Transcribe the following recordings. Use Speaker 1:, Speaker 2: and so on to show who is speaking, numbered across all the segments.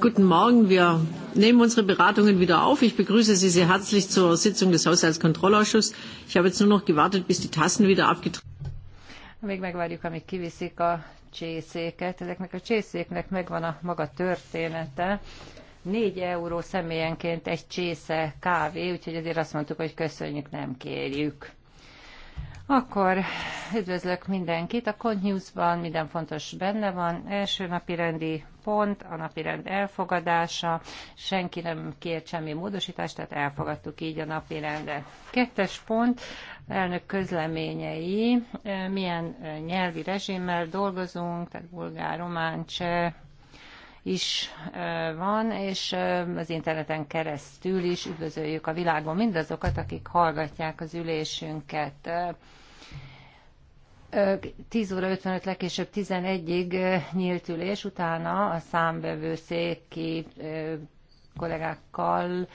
Speaker 1: Guten Morgen. Wir nehmen unsere Beratungen wieder auf. Ich begrüße Sie sehr herzlich zur Sitzung des Haushaltskontrollausschusses. Ich habe jetzt nur noch gewartet, bis die Tassen wieder abgetragen
Speaker 2: Még megvárjuk, amíg kiviszik a csészéket. Ezeknek a csészéknek megvan a maga története. 4 euró személyenként egy csésze kávé, úgyhogy azért azt mondtuk, hogy köszönjük, nem kérjük. Akkor üdvözlök mindenkit. A Cont News-ban minden fontos benne van. Első napi rendi pont, a napi rend elfogadása. Senki nem kért semmi módosítást, tehát elfogadtuk így a napi rendet. Kettes pont, elnök közleményei, milyen nyelvi rezsimmel dolgozunk, tehát bulgár, román, cseh, is van, és az interneten keresztül is üdvözöljük a világon mindazokat, akik hallgatják az ülésünket. 10 óra 55 legkésőbb 11-ig nyílt ülés, utána a számbevőszéki kollégákkal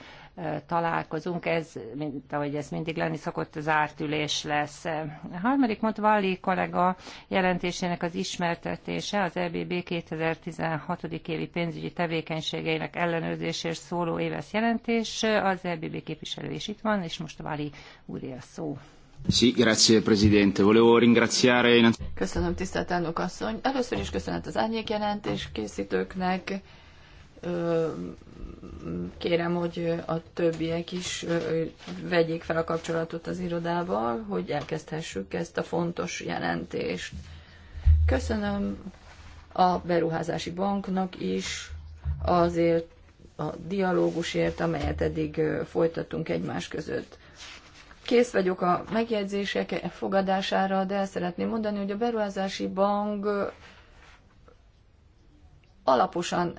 Speaker 2: találkozunk, ez, mint ahogy ez mindig lenni szokott, az ártülés lesz. A harmadik mond Valli kollega jelentésének az ismertetése az EBB 2016. évi pénzügyi tevékenységeinek ellenőrzésért szóló éves jelentés. Az EBB képviselő is itt van, és
Speaker 1: most Valli úré a szó. Köszönöm, tisztelt elnök asszony. Először is köszönet az árnyék jelentés készítőknek kérem, hogy a többiek is vegyék fel a kapcsolatot az irodával, hogy elkezdhessük ezt a fontos jelentést. Köszönöm a beruházási banknak is azért a dialógusért, amelyet eddig folytattunk egymás között. Kész vagyok a megjegyzések fogadására, de el szeretném mondani, hogy a beruházási bank alaposan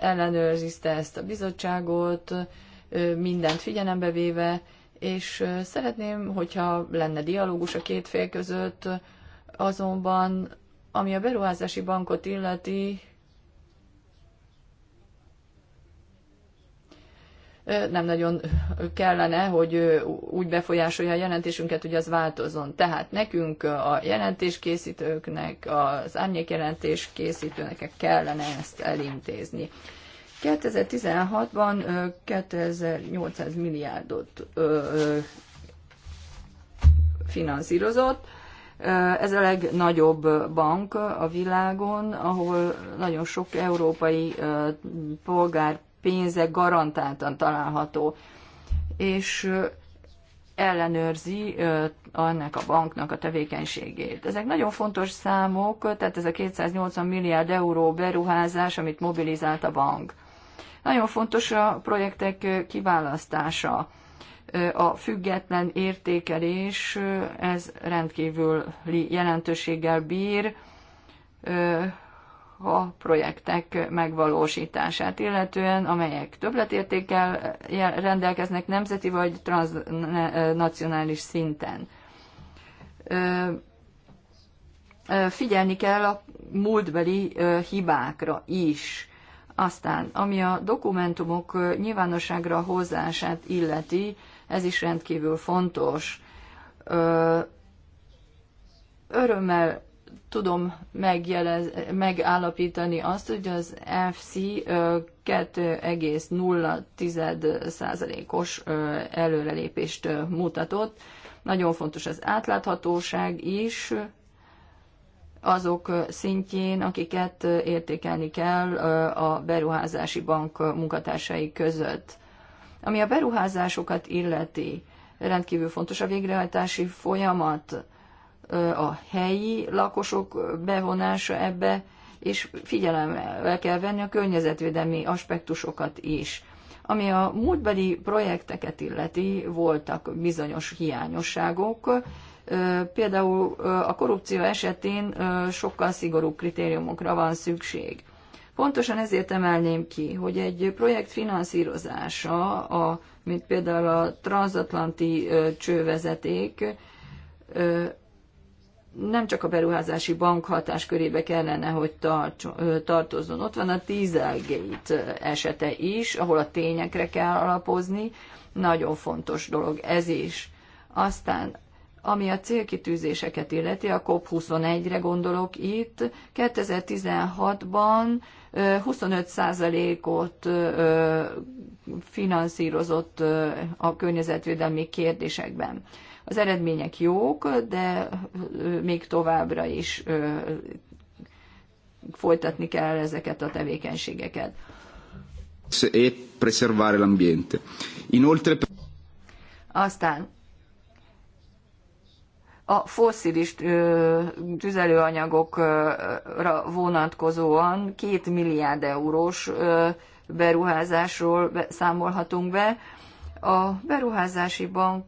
Speaker 1: ellenőrzte ezt a bizottságot, mindent figyelembe véve, és szeretném, hogyha lenne dialógus a két fél között, azonban ami a beruházási bankot illeti, nem nagyon kellene, hogy úgy befolyásolja a jelentésünket, hogy az változzon. Tehát nekünk, a jelentéskészítőknek, az árnyékjelentés készítőnek kellene ezt elintézni. 2016-ban 2800 milliárdot finanszírozott. Ez a legnagyobb bank a világon, ahol nagyon sok európai polgár pénze garantáltan található, és ellenőrzi annak a banknak a tevékenységét. Ezek nagyon fontos számok, tehát ez a 280 milliárd euró beruházás, amit mobilizált a bank. Nagyon fontos a projektek kiválasztása. A független értékelés, ez rendkívül jelentőséggel bír, a projektek megvalósítását, illetően amelyek többletértékkel rendelkeznek nemzeti vagy transnacionális szinten. Figyelni kell a múltbeli hibákra is. Aztán, ami a dokumentumok nyilvánosságra hozását illeti, ez is rendkívül fontos. Örömmel tudom megjelez, megállapítani azt, hogy az FC 2,0%-os előrelépést mutatott. Nagyon fontos az átláthatóság is azok szintjén, akiket értékelni kell a beruházási bank munkatársai között. Ami a beruházásokat illeti, rendkívül fontos a végrehajtási folyamat a helyi lakosok bevonása ebbe, és figyelembe kell venni a környezetvédelmi aspektusokat is. Ami a múltbeli projekteket illeti, voltak bizonyos hiányosságok, például a korrupció esetén sokkal szigorúbb kritériumokra van szükség. Pontosan ezért emelném ki, hogy egy projekt finanszírozása, a, mint például a transatlanti csővezeték, nem csak a beruházási bank hatáskörébe kellene, hogy tartozzon. Ott van a Dieselgate esete is, ahol a tényekre kell alapozni. Nagyon fontos dolog ez is. Aztán ami a célkitűzéseket illeti, a COP21-re gondolok itt, 2016-ban 25%-ot finanszírozott a környezetvédelmi kérdésekben. Az eredmények jók, de még továbbra is folytatni kell ezeket a tevékenységeket. E l'ambiente. Inoltre... Aztán a fosszilis tüzelőanyagokra vonatkozóan két milliárd eurós beruházásról számolhatunk be. A beruházási bank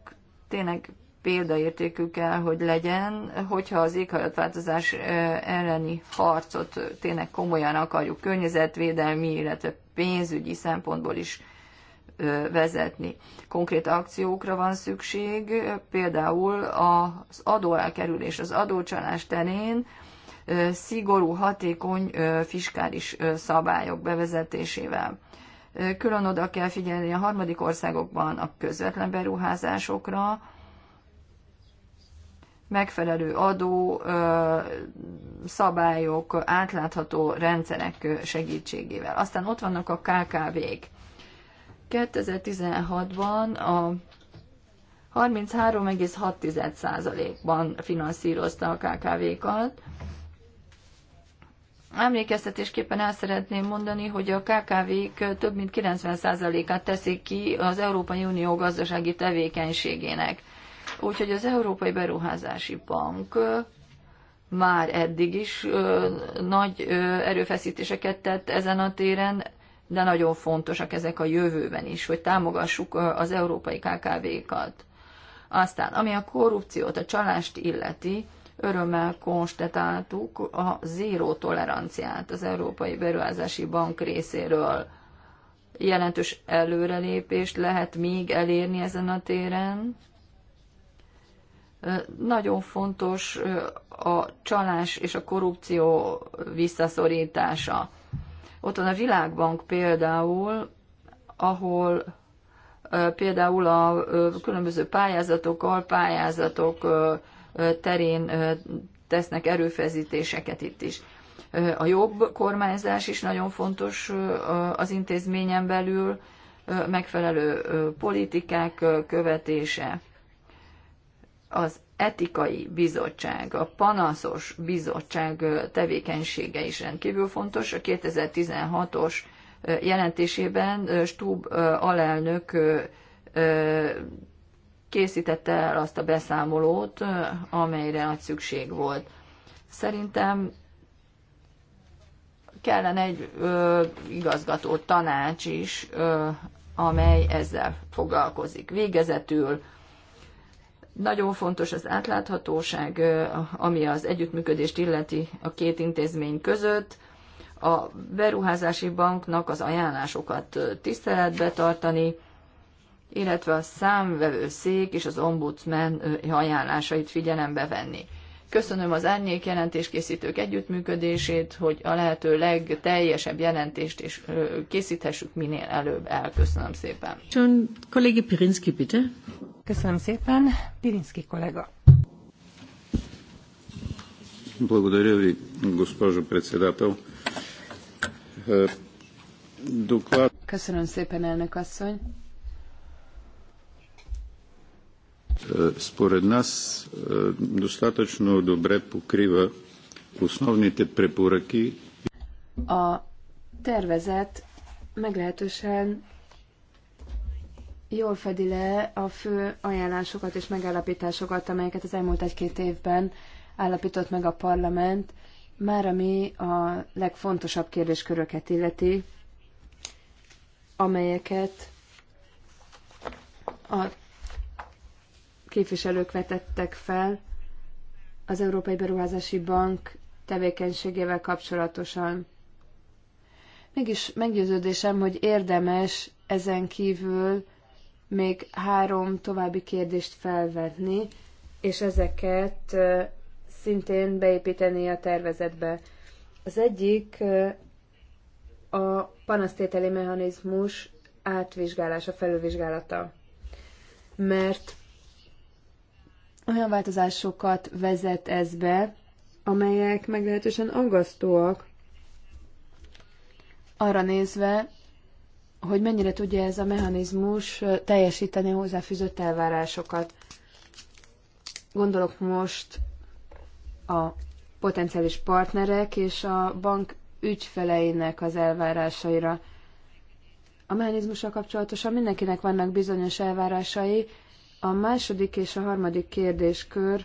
Speaker 1: tényleg példaértékű kell, hogy legyen, hogyha az éghajlatváltozás elleni harcot tényleg komolyan akarjuk környezetvédelmi, illetve pénzügyi szempontból is vezetni. Konkrét akciókra van szükség, például az adóelkerülés, az adócsalás terén szigorú, hatékony fiskális szabályok bevezetésével. Külön oda kell figyelni a harmadik országokban a közvetlen beruházásokra, megfelelő adó szabályok, átlátható rendszerek segítségével. Aztán ott vannak a KKV-k. 2016-ban a 33,6%-ban finanszírozta a KKV-kat. Emlékeztetésképpen el szeretném mondani, hogy a KKV-k több mint 90%-át teszik ki az Európai Unió gazdasági tevékenységének. Úgyhogy az Európai Beruházási Bank már eddig is nagy erőfeszítéseket tett ezen a téren, de nagyon fontosak ezek a jövőben is, hogy támogassuk az európai KKV-kat. Aztán, ami a korrupciót, a csalást illeti, örömmel konstatáltuk a zéró toleranciát az Európai Beruházási Bank részéről. Jelentős előrelépést lehet még elérni ezen a téren, nagyon fontos a csalás és a korrupció visszaszorítása. Ott van a Világbank például, ahol például a különböző pályázatok, alpályázatok terén tesznek erőfeszítéseket itt is. A jobb kormányzás is nagyon fontos az intézményen belül, megfelelő politikák követése az etikai bizottság, a panaszos bizottság tevékenysége is rendkívül fontos. A 2016-os jelentésében Stub alelnök készítette el azt a beszámolót, amelyre nagy szükség volt. Szerintem kellene egy igazgató tanács is, amely ezzel foglalkozik. Végezetül nagyon fontos az átláthatóság, ami az együttműködést illeti a két intézmény között. A beruházási banknak az ajánlásokat tiszteletbe tartani, illetve a számvevőszék és az ombudsman ajánlásait figyelembe venni. Köszönöm az árnyék jelentéskészítők együttműködését, hogy a lehető legteljesebb jelentést is készíthessük minél előbb el. Köszönöm szépen.
Speaker 2: Csön kollégi Pirinski, bitte. Köszönöm szépen. Pirinski kollega.
Speaker 3: Благодаря ви, госпожо председател. Köszönöm szépen, elnök asszony.
Speaker 2: според нас достатъчно добре покрива
Speaker 1: основните препоръки.
Speaker 3: A tervezet meglehetősen jól fedi le a fő ajánlásokat és megállapításokat, amelyeket az elmúlt egy-két évben állapított meg a parlament, már ami a legfontosabb kérdésköröket illeti, amelyeket a képviselők vetettek fel az Európai Beruházási Bank tevékenységével kapcsolatosan. Mégis meggyőződésem, hogy érdemes ezen kívül még három további kérdést felvetni, és ezeket szintén beépíteni a tervezetbe. Az egyik a panasztételi mechanizmus átvizsgálása, felülvizsgálata. Mert olyan változásokat vezet ez be, amelyek meglehetősen aggasztóak arra nézve, hogy mennyire tudja ez a mechanizmus teljesíteni hozzáfűzött elvárásokat. Gondolok most a potenciális partnerek és a bank ügyfeleinek az elvárásaira. A mechanizmussal kapcsolatosan mindenkinek vannak bizonyos elvárásai, a második és a harmadik kérdéskör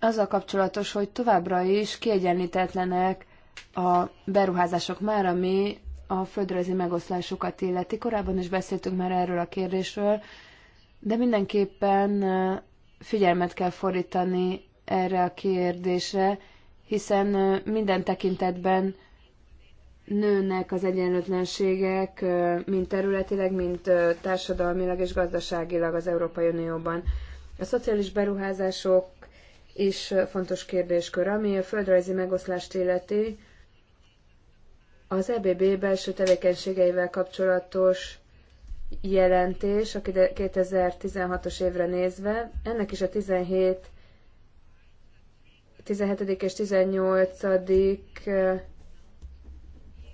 Speaker 3: azzal kapcsolatos, hogy továbbra is kiegyenlítetlenek a beruházások már, ami a földrajzi megoszlásokat illeti. Korábban is beszéltünk már erről a kérdésről, de mindenképpen figyelmet kell fordítani erre a kérdésre, hiszen minden tekintetben nőnek az egyenlőtlenségek, mind területileg, mind társadalmilag és gazdaságilag az Európai Unióban. A szociális beruházások is fontos kérdéskör, ami a földrajzi megoszlást illeti, az EBB belső tevékenységeivel kapcsolatos jelentés a 2016-os évre nézve, ennek is a 17 17. és 18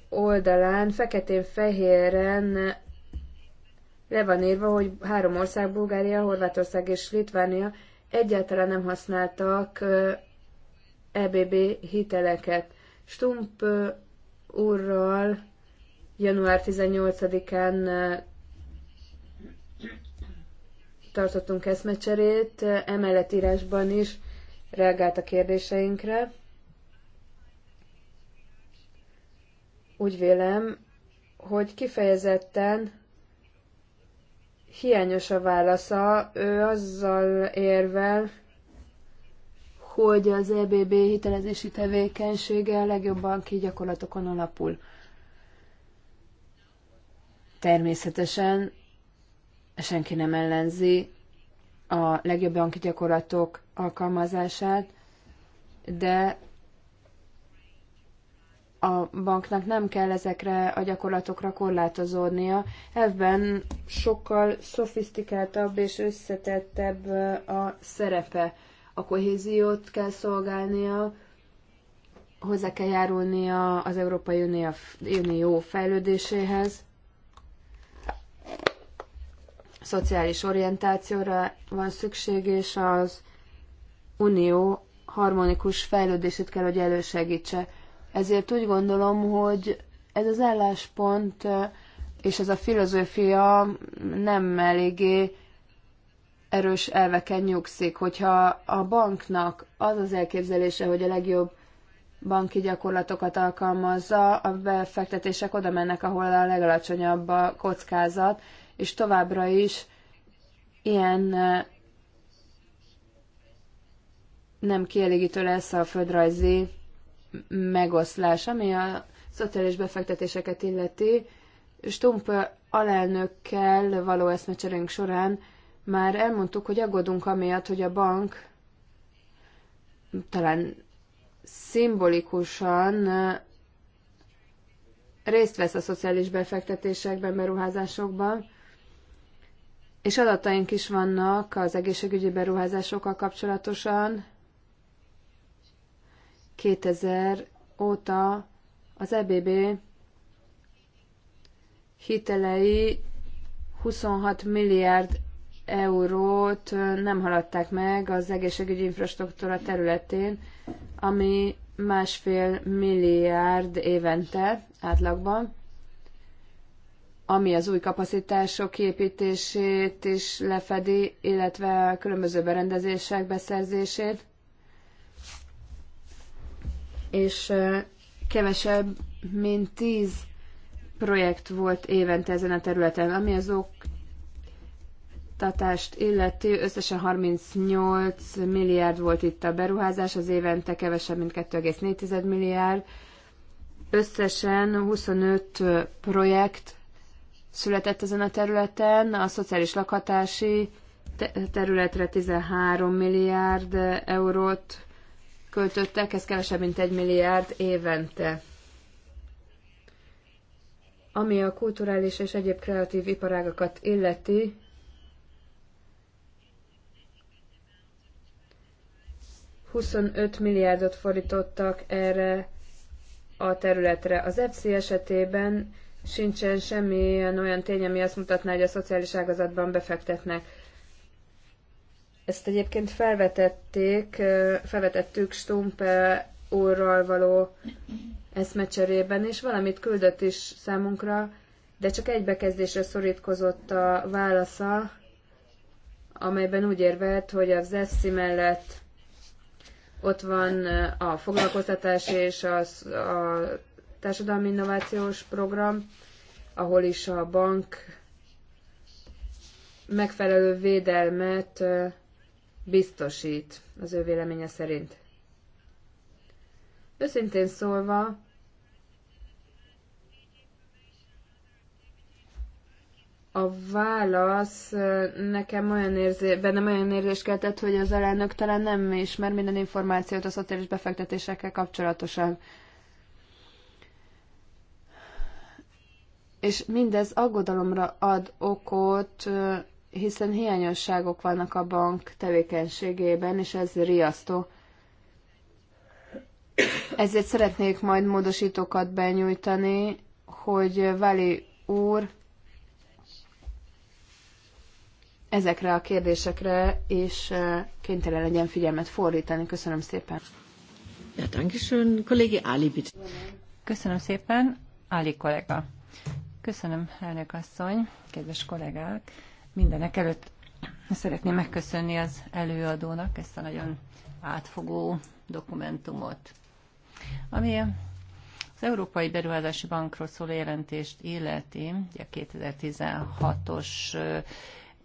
Speaker 3: oldalán feketén-fehéren le van írva, hogy három ország, Bulgária, Horvátország és Litvánia egyáltalán nem használtak EBB hiteleket. Stump úrral január 18-án tartottunk eszmecserét, emellett írásban is reagált a kérdéseinkre. úgy vélem, hogy kifejezetten hiányos a válasza. Ő azzal érvel, hogy az EBB hitelezési tevékenysége a legjobban ki gyakorlatokon alapul. Természetesen senki nem ellenzi a legjobb banki gyakorlatok alkalmazását, de a banknak nem kell ezekre a gyakorlatokra korlátozódnia. Ebben sokkal szofisztikáltabb és összetettebb a szerepe. A kohéziót kell szolgálnia, hozzá kell járulnia az Európai Unió, fejlődéséhez, szociális orientációra van szükség, és az unió harmonikus fejlődését kell, hogy elősegítse. Ezért úgy gondolom, hogy ez az álláspont és ez a filozófia nem eléggé erős elveken nyugszik. Hogyha a banknak az az elképzelése, hogy a legjobb banki gyakorlatokat alkalmazza, a befektetések oda mennek, ahol a legalacsonyabb a kockázat, és továbbra is ilyen nem kielégítő lesz a földrajzi megoszlás, ami a szociális befektetéseket illeti. Stump alelnökkel való eszmecserénk során már elmondtuk, hogy aggódunk amiatt, hogy a bank talán szimbolikusan részt vesz a szociális befektetésekben, beruházásokban, és adataink is vannak az egészségügyi beruházásokkal kapcsolatosan, 2000 óta az EBB hitelei 26 milliárd eurót nem haladták meg az egészségügyi infrastruktúra területén, ami másfél milliárd évente átlagban, ami az új kapacitások kiépítését is lefedi, illetve a különböző berendezések beszerzését és kevesebb, mint tíz projekt volt évente ezen a területen, ami az oktatást illeti, összesen 38 milliárd volt itt a beruházás, az évente kevesebb, mint 2,4 milliárd. Összesen 25 projekt született ezen a területen, a szociális lakhatási területre 13 milliárd eurót költöttek, ez kevesebb, mint egy milliárd évente. Ami a kulturális és egyéb kreatív iparágakat illeti, ...25 milliárdot fordítottak erre a területre. Az EPSZI esetében sincsen semmi olyan tény, ami azt mutatná, hogy a szociális ágazatban befektetnek. Ezt egyébként felvetették, felvetettük Stumpe úrral való eszmecserében, és valamit küldött is számunkra, de csak egy bekezdésre szorítkozott a válasza, amelyben úgy érvelt, hogy az ESZI mellett ott van a foglalkoztatás és a, a társadalmi innovációs program, ahol is a bank megfelelő védelmet biztosít az ő véleménye szerint. Őszintén szólva, a válasz nekem olyan érzé, bennem olyan érzést keltett, hogy az elnök talán nem ismer minden információt a szociális befektetésekkel kapcsolatosan. És mindez aggodalomra ad okot, hiszen hiányosságok vannak a bank tevékenységében, és ez riasztó. Ezért szeretnék majd módosítókat benyújtani, hogy Vali úr ezekre a kérdésekre és eh, kénytelen legyen figyelmet fordítani. Köszönöm szépen.
Speaker 2: Ja, dankeschön. Kollégi Ali, bitte. Köszönöm szépen, Ali kollega. Köszönöm, elnök asszony, kedves kollégák. Mindenek előtt szeretném megköszönni az előadónak ezt a nagyon átfogó dokumentumot, ami az Európai Beruházási Bankról szóló jelentést illeti, a 2016-os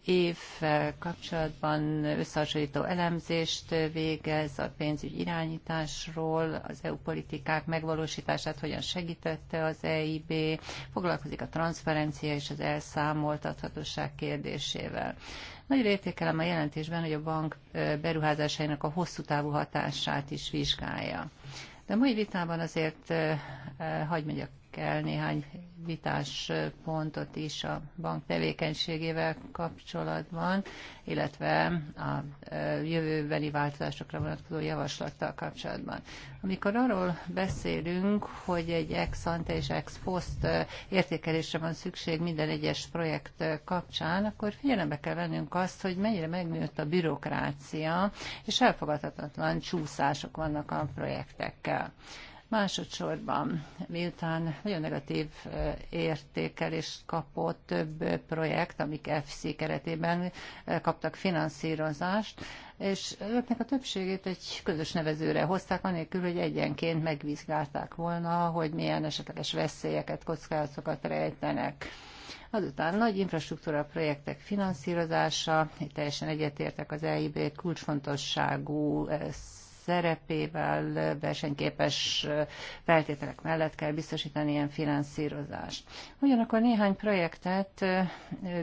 Speaker 2: évvel kapcsolatban összehasonlító elemzést végez a pénzügy irányításról, az EU politikák megvalósítását hogyan segítette az EIB, foglalkozik a transzferencia és az elszámoltathatóság kérdésével. Nagy értékelem a jelentésben, hogy a bank beruházásainak a hosszú távú hatását is vizsgálja. De a mai vitában azért hagyd megyek el néhány vitáspontot is a bank tevékenységével kapcsolatban, illetve a jövőbeli változásokra vonatkozó javaslattal kapcsolatban. Amikor arról beszélünk, hogy egy ex ante és ex post értékelésre van szükség minden egyes projekt kapcsán, akkor figyelembe kell vennünk azt, hogy mennyire megnőtt a bürokrácia, és elfogadhatatlan csúszások vannak a projektekkel. Másodszorban, miután nagyon negatív értékelést kapott több projekt, amik FC keretében kaptak finanszírozást, és ezeknek a többségét egy közös nevezőre hozták, anélkül, hogy egyenként megvizsgálták volna, hogy milyen esetleges veszélyeket, kockázatokat rejtenek. Azután nagy infrastruktúra projektek finanszírozása, teljesen egyetértek az EIB kulcsfontosságú szerepével versenyképes feltételek mellett kell biztosítani ilyen finanszírozást. Ugyanakkor néhány projektet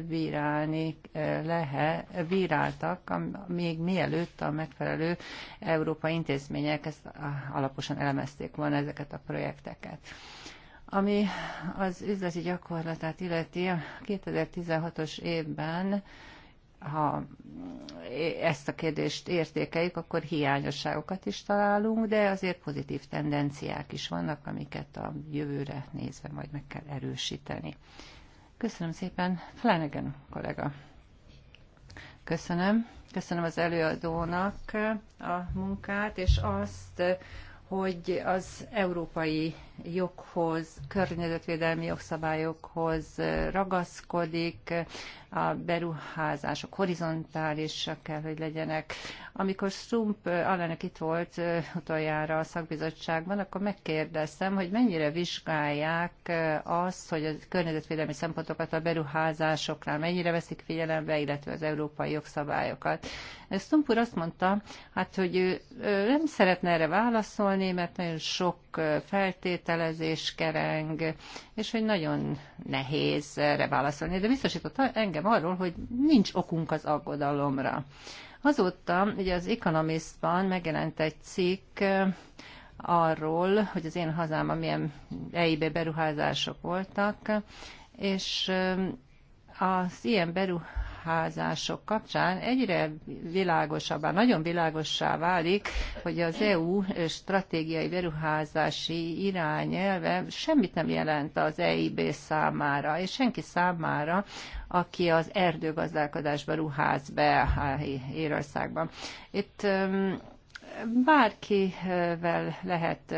Speaker 2: bírálni lehet, bíráltak, még mielőtt a megfelelő európai intézmények ezt alaposan elemezték volna ezeket a projekteket. Ami az üzleti gyakorlatát illeti, 2016-os évben ha ezt a kérdést értékeljük, akkor hiányosságokat is találunk, de azért pozitív tendenciák is vannak, amiket a jövőre nézve majd meg kell erősíteni. Köszönöm szépen, Flanagan kollega. Köszönöm. Köszönöm az előadónak a munkát, és azt, hogy az európai joghoz, környezetvédelmi jogszabályokhoz ragaszkodik, a beruházások horizontálisak kell, hogy legyenek. Amikor Stump alelnök itt volt utoljára a szakbizottságban, akkor megkérdeztem, hogy mennyire vizsgálják azt, hogy a környezetvédelmi szempontokat a beruházásoknál mennyire veszik figyelembe, illetve az európai jogszabályokat. Stump úr azt mondta, hát, hogy ő nem szeretne erre válaszolni, mert nagyon sok feltét kivitelezés kereng, és hogy nagyon nehéz erre válaszolni. De biztosította engem arról, hogy nincs okunk az aggodalomra. Azóta ugye az Economistban megjelent egy cikk arról, hogy az én hazám milyen EIB beruházások voltak, és az ilyen beruházások beruházások kapcsán egyre világosabbá, nagyon világossá válik, hogy az EU stratégiai beruházási irányelve semmit nem jelent az EIB számára, és senki számára, aki az erdőgazdálkodásba ruház be Érországban. Itt bárkivel lehet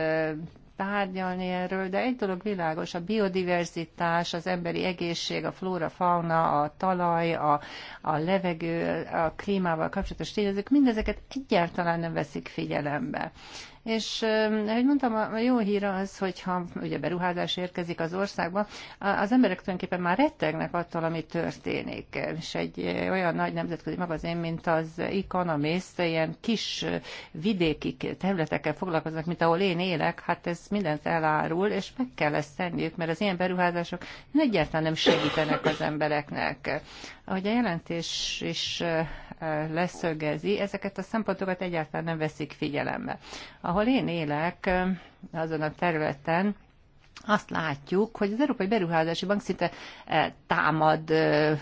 Speaker 2: tárgyalni erről, de egy dolog világos, a biodiverzitás, az emberi egészség, a flóra, fauna, a talaj, a, a levegő, a klímával kapcsolatos tényezők, mindezeket egyáltalán nem veszik figyelembe. És ahogy mondtam, a jó hír az, hogyha ugye beruházás érkezik az országba, az emberek tulajdonképpen már rettegnek attól, ami történik. És egy olyan nagy nemzetközi magazin, mint az Economist, ilyen kis vidéki területekkel foglalkoznak, mint ahol én élek, hát ez mindent elárul, és meg kell ezt tenniük, mert az ilyen beruházások egyáltalán nem segítenek az embereknek. Ahogy a jelentés is leszögezi, ezeket a szempontokat egyáltalán nem veszik figyelembe. A ahol én élek, azon a területen, azt látjuk, hogy az Európai Beruházási Bank szinte támad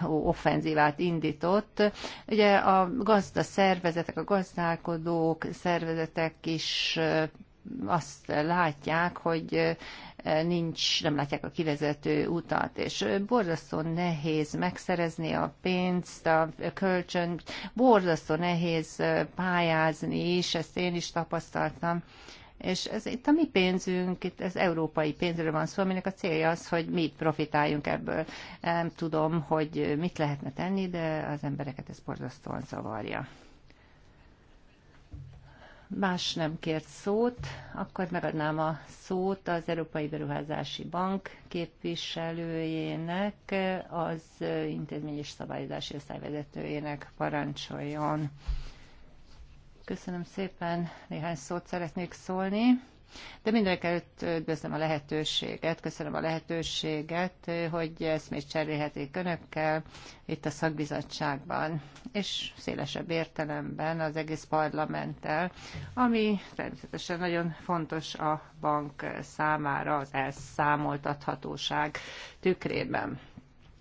Speaker 2: offenzívát indított. Ugye a gazda szervezetek, a gazdálkodók szervezetek is azt látják, hogy nincs, nem látják a kivezető utat, és borzasztó nehéz megszerezni a pénzt, a kölcsön, borzasztó nehéz pályázni is, ezt én is tapasztaltam. És ez itt a mi pénzünk, itt ez európai pénzről van szó, aminek a célja az, hogy mi profitáljunk ebből. Nem tudom, hogy mit lehetne tenni, de az embereket ez borzasztóan zavarja más nem kért szót, akkor megadnám a szót az Európai Beruházási Bank képviselőjének, az intézmény és szabályozási osztályvezetőjének parancsoljon. Köszönöm szépen, néhány szót szeretnék szólni. De mindenek előtt üdvözlöm a lehetőséget, köszönöm a lehetőséget, hogy ezt még cserélhetik önökkel itt a szakbizottságban, és szélesebb értelemben az egész parlamenttel, ami természetesen nagyon fontos a bank számára az elszámoltathatóság tükrében.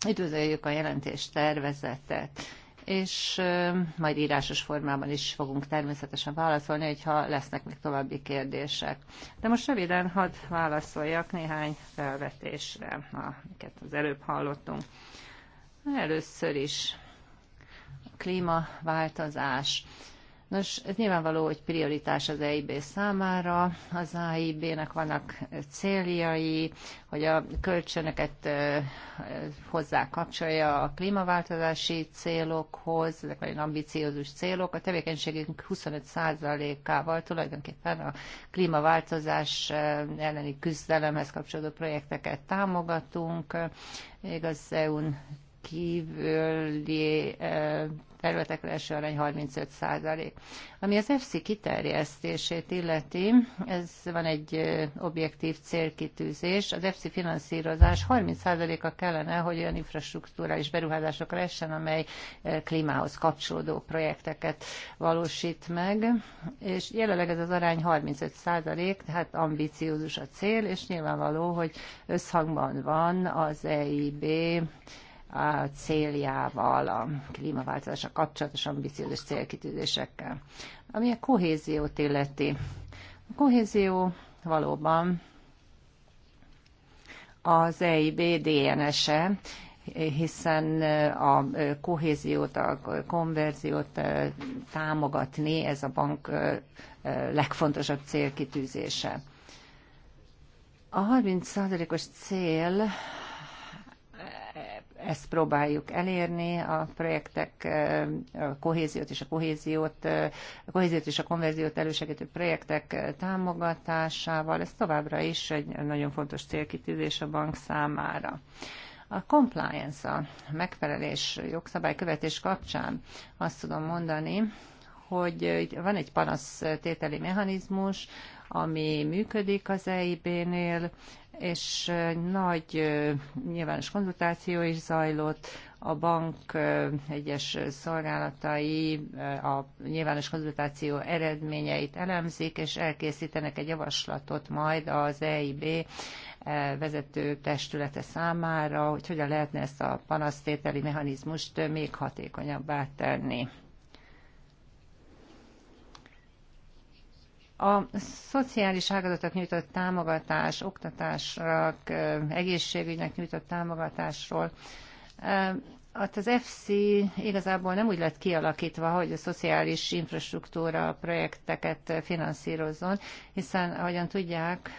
Speaker 2: Üdvözöljük a jelentés tervezetet és majd írásos formában is fogunk természetesen válaszolni, hogyha lesznek még további kérdések. De most röviden hadd válaszoljak néhány felvetésre, amiket az előbb hallottunk. Először is a klímaváltozás. Nos, ez nyilvánvaló, hogy prioritás az EIB számára. Az EIB-nek vannak céljai, hogy a kölcsönöket hozzá kapcsolja a klímaváltozási célokhoz, ezek nagyon ambiciózus célok. A tevékenységünk 25%-ával tulajdonképpen a klímaváltozás elleni küzdelemhez kapcsolódó projekteket támogatunk, még az EU-n kívüli területekre eső arány 35 százalék. Ami az FC kiterjesztését illeti, ez van egy objektív célkitűzés. Az FC finanszírozás 30 százaléka kellene, hogy olyan infrastruktúrális beruházásokra essen, amely klímához kapcsolódó projekteket valósít meg, és jelenleg ez az arány 35 százalék, tehát ambiciózus a cél, és nyilvánvaló, hogy összhangban van az EIB a céljával, a klímaváltozással kapcsolatos ambiciózus célkitűzésekkel. Ami a kohéziót illeti. A kohézió valóban az EIB DNS-e, hiszen a kohéziót, a konverziót támogatni, ez a bank legfontosabb célkitűzése. A 30%-os cél ezt próbáljuk elérni, a projektek a kohéziót és a kohéziót, a kohéziót és a konverziót elősegítő projektek támogatásával. Ez továbbra is egy nagyon fontos célkitűzés a bank számára. A compliance, a megfelelés jogszabálykövetés kapcsán azt tudom mondani, hogy van egy panasztételi mechanizmus, ami működik az EIB-nél, és nagy nyilvános konzultáció is zajlott. A bank egyes szolgálatai a nyilvános konzultáció eredményeit elemzik, és elkészítenek egy javaslatot majd az EIB vezető testülete számára, hogy hogyan lehetne ezt a panasztételi mechanizmust még hatékonyabbá tenni. A szociális ágazatok nyújtott támogatás, oktatásra, egészségügynek nyújtott támogatásról Hát az FC igazából nem úgy lett kialakítva, hogy a szociális infrastruktúra projekteket finanszírozzon, hiszen, ahogyan tudják,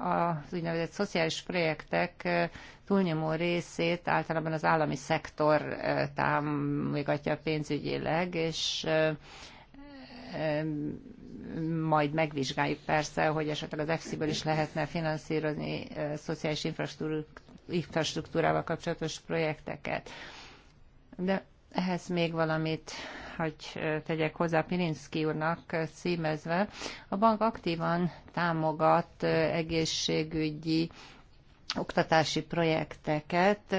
Speaker 2: az úgynevezett szociális projektek túlnyomó részét általában az állami szektor támogatja pénzügyileg, és majd megvizsgáljuk persze, hogy esetleg az EFSZ-ből is lehetne finanszírozni e, szociális infrastruktúrával kapcsolatos projekteket. De ehhez még valamit, hogy e, tegyek hozzá Pirinszki úrnak e, címezve. A bank aktívan támogat egészségügyi oktatási projekteket,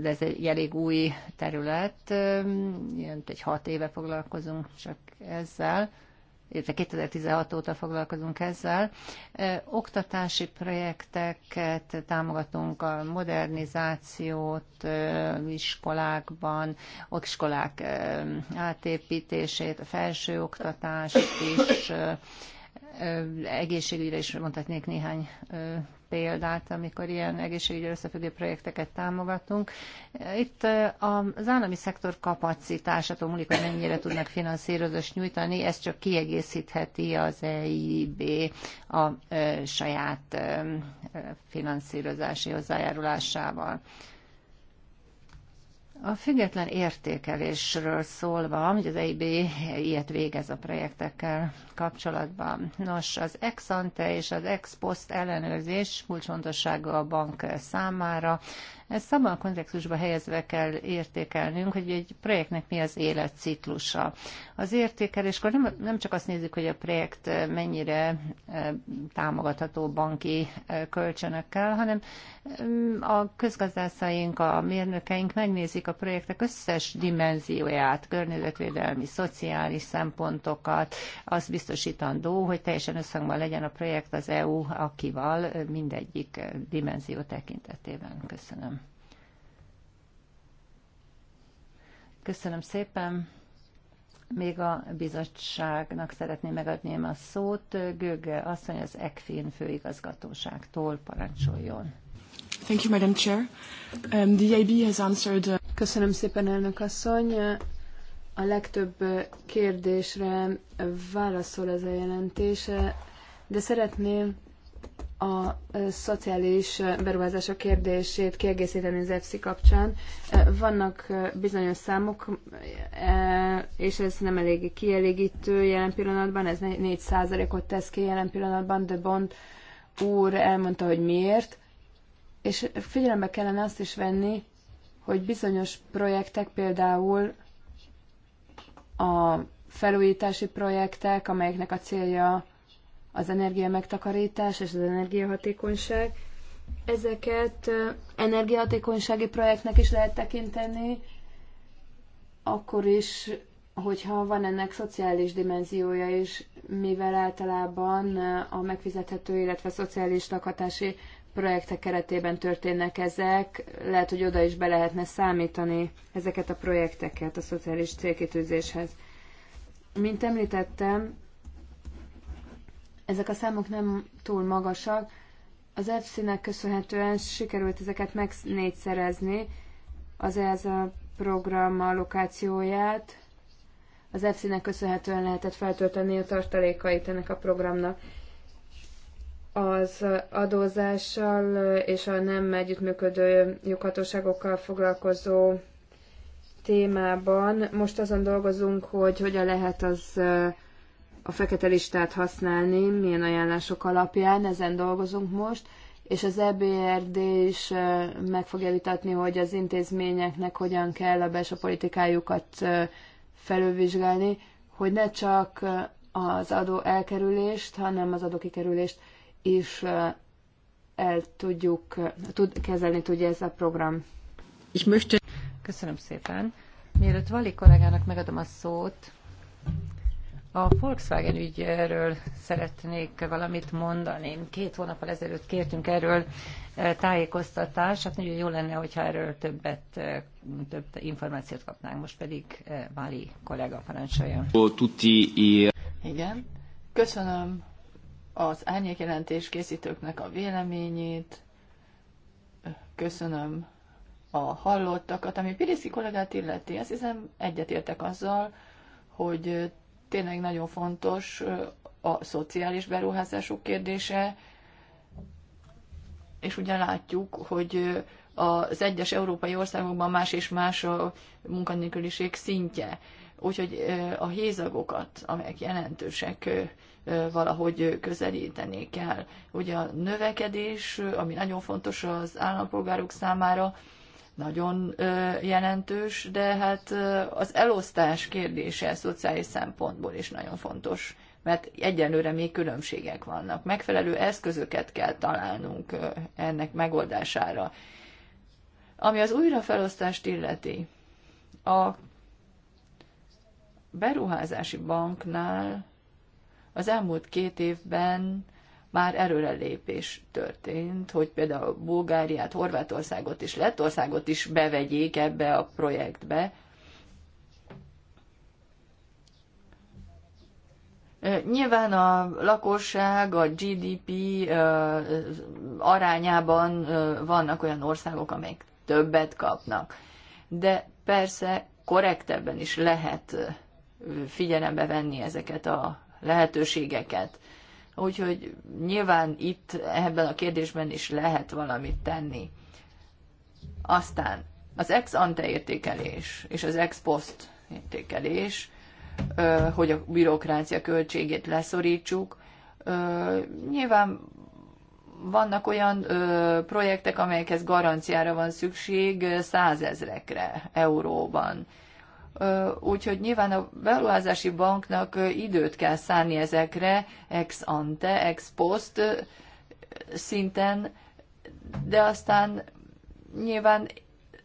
Speaker 2: de ez egy elég új terület, ilyen egy hat éve foglalkozunk csak ezzel, illetve 2016 óta foglalkozunk ezzel. Oktatási projekteket támogatunk, a modernizációt iskolákban, iskolák átépítését, a felsőoktatást is, egészségügyre is mondhatnék néhány példát, amikor ilyen egészségügyi összefüggő projekteket támogatunk. Itt az állami szektor kapacitásától múlik, hogy mennyire tudnak finanszírozást nyújtani, ez csak kiegészítheti az EIB a saját finanszírozási hozzájárulásával. A független értékelésről szólva, hogy az EIB ilyet végez a projektekkel kapcsolatban. Nos, az ex ante és az ex post ellenőrzés kulcsfontossága a bank számára. Ezt abban a kontextusba helyezve kell értékelnünk, hogy egy projektnek mi az életciklusa. Az értékeléskor nem, nem csak azt nézzük, hogy a projekt mennyire e, támogatható banki e, kölcsönökkel, hanem e, a közgazdászaink, a mérnökeink megnézik a projektek összes dimenzióját, környezetvédelmi, szociális szempontokat, azt biztosítandó, hogy teljesen összhangban legyen a projekt az EU akival mindegyik dimenzió tekintetében. Köszönöm. Köszönöm szépen. Még a bizottságnak szeretném megadni a szót. Göge asszony az ECFIN főigazgatóságtól parancsoljon.
Speaker 3: Thank you, Madam Chair. Um, the e IB has answered... Uh, Köszönöm szépen, elnök asszony. A legtöbb kérdésre válaszol ez a jelentése, de szeretném a szociális beruházások kérdését kiegészíteni az EFSI kapcsán. Vannak bizonyos számok, e, és ez nem elég kielégítő jelen pillanatban, ez 4%-ot tesz ki jelen pillanatban, de Bond úr elmondta, hogy miért. És figyelembe kellene azt is venni, hogy bizonyos projektek, például a felújítási projektek, amelyeknek a célja az energia megtakarítás és az energiahatékonyság. Ezeket energiahatékonysági projektnek is lehet tekinteni, akkor is, hogyha van ennek szociális dimenziója is, mivel általában a megfizethető, illetve szociális lakhatási projektek keretében történnek ezek, lehet, hogy oda is be lehetne számítani ezeket a projekteket a szociális célkitűzéshez. Mint említettem, ezek a számok nem túl magasak. Az EFSZ-nek köszönhetően sikerült ezeket négyszerezni, az a program allokációját. Az EFSZ-nek köszönhetően lehetett feltölteni a tartalékait ennek a programnak az adózással és a nem együttműködő joghatóságokkal foglalkozó témában. Most azon dolgozunk, hogy hogyan lehet az a fekete listát használni, milyen ajánlások alapján, ezen dolgozunk most, és az EBRD is meg fogja vitatni, hogy az intézményeknek hogyan kell a belső politikájukat felülvizsgálni, hogy ne csak az adó elkerülést, hanem az adókikerülést is el tudjuk, tud, kezelni tudja ez a program. Köszönöm
Speaker 2: szépen. Mielőtt Vali kollégának megadom a szót, a Volkswagen ügyről szeretnék valamit mondani. Két hónappal ezelőtt kértünk erről eh, tájékoztatást, hát nagyon jó lenne, hogyha erről többet, eh, több
Speaker 1: információt kapnánk. Most pedig eh, vali, kollega parancsolja. Igen. Köszönöm az árnyékjelentés készítőknek a véleményét, köszönöm a hallottakat, ami Piriszi kollégát illeti, azt hiszem egyetértek azzal, hogy tényleg nagyon fontos a szociális beruházások kérdése, és ugye látjuk, hogy az egyes európai országokban más és más a munkanélküliség szintje. Úgyhogy a hézagokat, amelyek jelentősek, valahogy közelíteni kell. Ugye a növekedés, ami nagyon fontos az állampolgárok számára, nagyon jelentős, de hát az elosztás kérdése szociális szempontból is nagyon fontos, mert egyenlőre még különbségek vannak. Megfelelő eszközöket kell találnunk ennek megoldására. Ami az újrafelosztást illeti, a beruházási banknál az elmúlt két évben már előrelépés történt, hogy például Bulgáriát, Horvátországot és Lettországot is bevegyék ebbe a projektbe. Nyilván a lakosság, a GDP arányában vannak olyan országok, amelyek többet kapnak. De persze korrektebben is lehet figyelembe venni ezeket a lehetőségeket úgyhogy nyilván itt ebben a kérdésben is lehet valamit tenni. Aztán az ex ante értékelés és az ex post értékelés, hogy a bürokrácia költségét leszorítsuk. Nyilván vannak olyan projektek, amelyekhez garanciára van szükség százezrekre euróban úgyhogy nyilván a beruházási banknak időt kell szánni ezekre, ex ante, ex post szinten, de aztán nyilván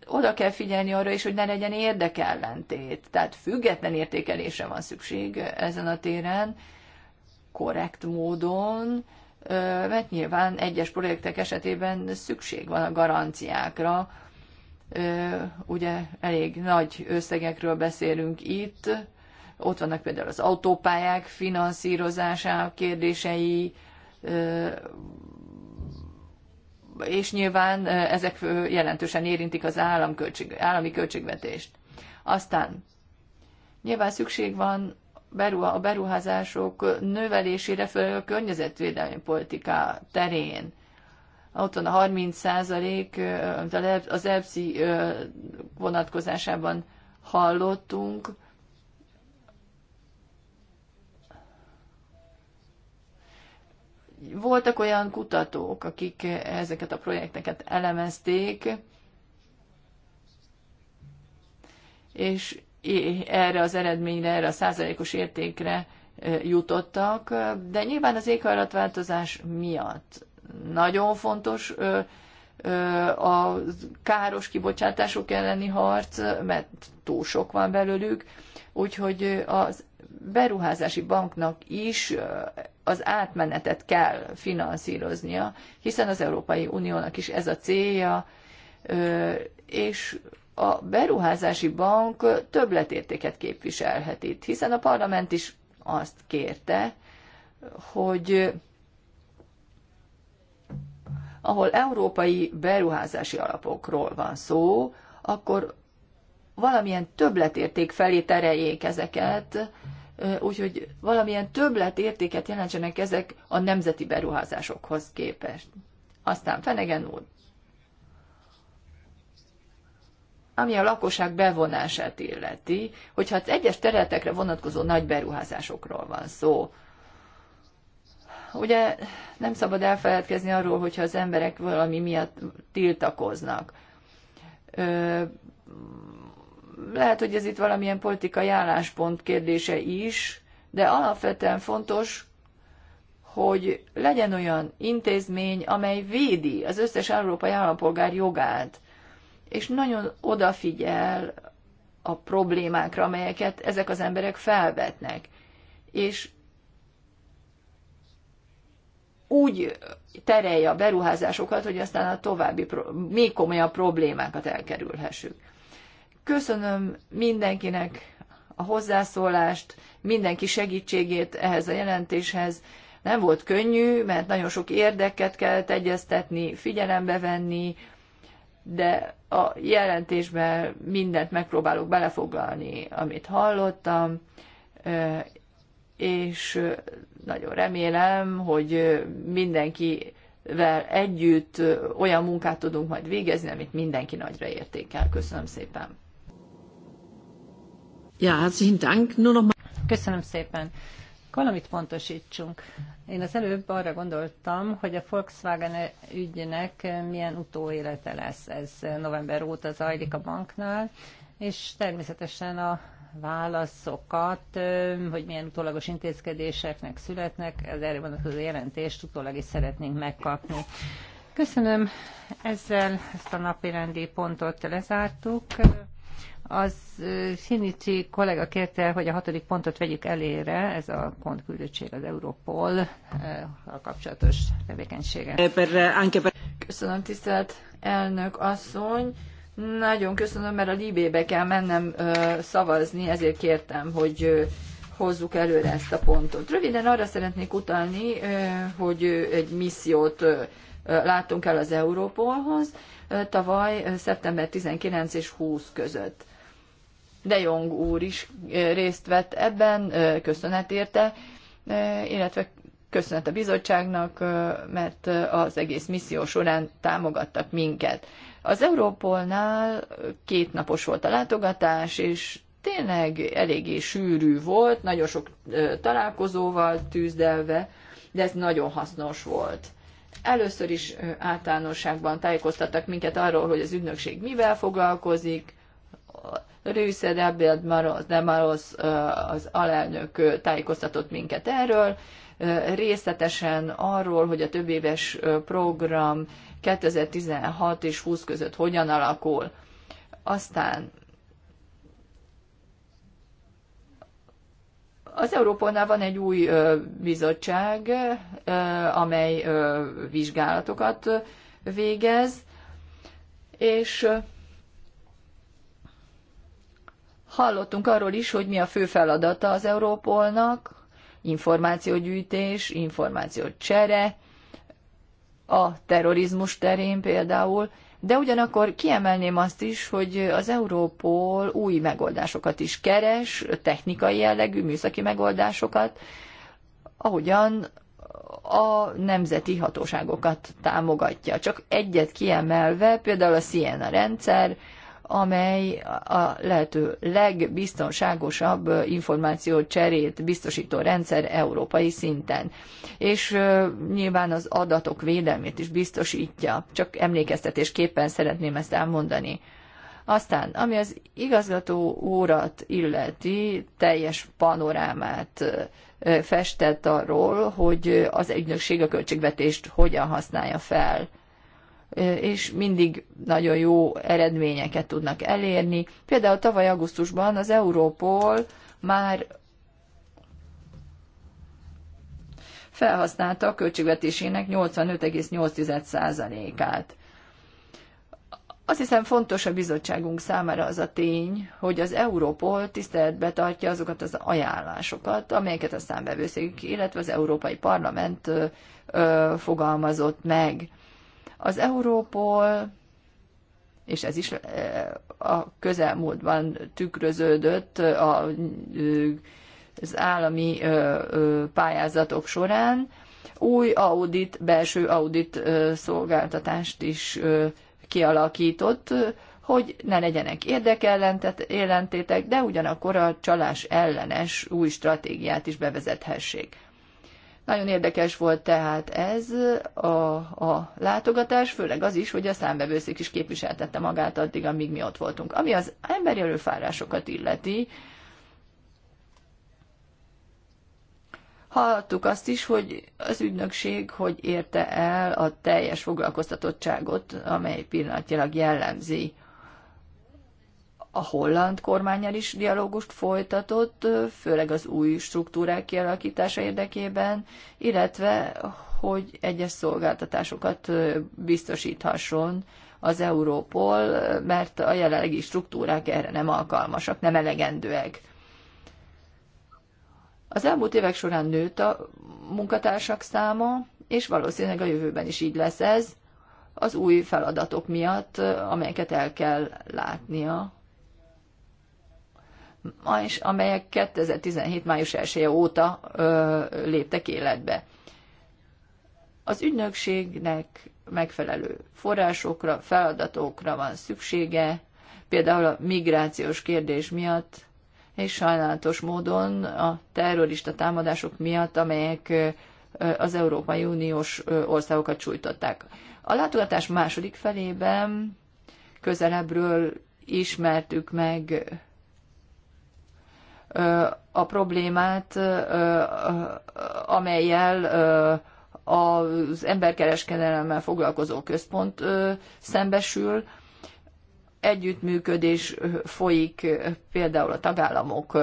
Speaker 1: oda kell figyelni arra is, hogy ne legyen érdekellentét. Tehát független értékelésre van szükség ezen a téren, korrekt módon, mert nyilván egyes projektek esetében szükség van a garanciákra, ugye elég nagy összegekről beszélünk itt, ott vannak például az autópályák finanszírozása kérdései, és nyilván ezek jelentősen érintik az államköltség, állami költségvetést. Aztán nyilván szükség van a beruházások növelésére, főleg a környezetvédelmi politika terén ott van a 30 százalék, e az EBSZI vonatkozásában hallottunk. Voltak olyan kutatók, akik ezeket a projekteket elemezték, és erre az eredményre, erre a százalékos értékre jutottak, de nyilván az éghajlatváltozás miatt nagyon fontos a káros kibocsátások elleni harc, mert túl sok van belőlük, úgyhogy az beruházási banknak is az átmenetet kell finanszíroznia, hiszen az Európai Uniónak is ez a célja, és a beruházási bank többletértéket képviselhet itt, hiszen a parlament is azt kérte, hogy ahol európai beruházási alapokról van szó, akkor valamilyen többletérték felé tereljék ezeket, úgyhogy valamilyen többletértéket jelentsenek ezek a nemzeti beruházásokhoz képest. Aztán Fenegen úr, ami a lakosság bevonását illeti, hogyha az egyes területekre vonatkozó nagy beruházásokról van szó, Ugye nem szabad elfeledkezni arról, hogyha az emberek valami miatt tiltakoznak. Ö, lehet, hogy ez itt valamilyen politikai álláspont kérdése is, de alapvetően fontos, hogy legyen olyan intézmény, amely védi az összes európai állampolgár jogát, és nagyon odafigyel a problémákra, amelyeket ezek az emberek felvetnek. És úgy terelje a beruházásokat, hogy aztán a további, még komolyabb problémákat elkerülhessük. Köszönöm mindenkinek a hozzászólást, mindenki segítségét ehhez a jelentéshez. Nem volt könnyű, mert nagyon sok érdeket kellett egyeztetni, figyelembe venni, de a jelentésben mindent megpróbálok belefoglalni, amit hallottam, és nagyon remélem, hogy mindenkivel együtt olyan munkát tudunk majd végezni, amit mindenki nagyra értékel. Köszönöm szépen. Ja, herzlichen Dank. Nur noch
Speaker 2: Köszönöm szépen. Valamit pontosítsunk. Én az előbb arra gondoltam, hogy a Volkswagen ügynek milyen utóélete lesz. Ez november óta zajlik a banknál, és természetesen a válaszokat, hogy milyen utólagos intézkedéseknek születnek, az erre vonatkozó jelentést utólag is szeretnénk megkapni. Köszönöm, ezzel ezt a rendi pontot lezártuk. Az Sinicsi kollega kérte, hogy a hatodik pontot vegyük elére, ez a
Speaker 1: küldöttség az Europol a kapcsolatos tevékenysége. Köszönöm, tisztelt elnök asszony! Nagyon köszönöm, mert a Libébe kell mennem szavazni, ezért kértem, hogy hozzuk előre ezt a pontot. Röviden arra szeretnék utalni, hogy egy missziót látunk el az Európolhoz tavaly szeptember 19 és 20 között. De Jong úr is részt vett ebben, köszönet érte, illetve köszönet a bizottságnak, mert az egész misszió során támogattak minket. Az Európolnál két napos volt a látogatás, és tényleg eléggé sűrű volt, nagyon sok találkozóval tűzdelve, de ez nagyon hasznos volt. Először is általánosságban tájékoztattak minket arról, hogy az ügynökség mivel foglalkozik, Rősze Debed Marosz, de Marosz az alelnök tájékoztatott minket erről, részletesen arról, hogy a többéves program 2016 és 20 között hogyan alakul. Aztán Az Európánál van egy új bizottság, amely vizsgálatokat végez, és hallottunk arról is, hogy mi a fő feladata az Európolnak, információgyűjtés, információcsere, a terrorizmus terén például, de ugyanakkor kiemelném azt is, hogy az Európol új megoldásokat is keres, technikai jellegű műszaki megoldásokat, ahogyan a nemzeti hatóságokat támogatja. Csak egyet kiemelve, például a Siena rendszer, amely a lehető legbiztonságosabb információ cserét biztosító rendszer európai szinten. És nyilván az adatok védelmét is biztosítja. Csak emlékeztetésképpen szeretném ezt elmondani. Aztán, ami az igazgató órat illeti, teljes panorámát festett arról, hogy az ügynökség a költségvetést hogyan használja fel és mindig nagyon jó eredményeket tudnak elérni. Például tavaly augusztusban az Európol már felhasználta a költségvetésének 85,8%-át. Azt hiszem fontos a bizottságunk számára az a tény, hogy az Európol tiszteletbe tartja azokat az ajánlásokat, amelyeket a számbevőszék, illetve az Európai Parlament ö, ö, fogalmazott meg. Az Európol, és ez is eh, a közelmúltban tükröződött az állami pályázatok során, új audit, belső audit szolgáltatást is kialakított, hogy ne legyenek érdekellentétek, de ugyanakkor a csalás ellenes új stratégiát is bevezethessék. Nagyon érdekes volt tehát ez a, a látogatás, főleg az is, hogy a számbevőszék is képviseltette magát addig, amíg mi ott voltunk. Ami az emberi erőfárásokat illeti, Hallottuk azt is, hogy az ügynökség hogy érte el a teljes foglalkoztatottságot, amely pillanatilag jellemzi a holland kormányjal is dialógust folytatott, főleg az új struktúrák kialakítása érdekében, illetve hogy egyes szolgáltatásokat biztosíthasson az Európol, mert a jelenlegi struktúrák erre nem alkalmasak, nem elegendőek. Az elmúlt évek során nőtt a munkatársak száma, és valószínűleg a jövőben is így lesz ez, az új feladatok miatt, amelyeket el kell látnia és amelyek 2017. május 1 -e óta ö, léptek életbe. Az ügynökségnek megfelelő forrásokra, feladatokra van szüksége, például a migrációs kérdés miatt, és sajnálatos módon a terrorista támadások miatt, amelyek az Európai Uniós országokat sújtották. A látogatás második felében közelebbről ismertük meg a problémát, amelyel az emberkereskedelemmel foglalkozó központ szembesül. Együttműködés folyik például a tagállamok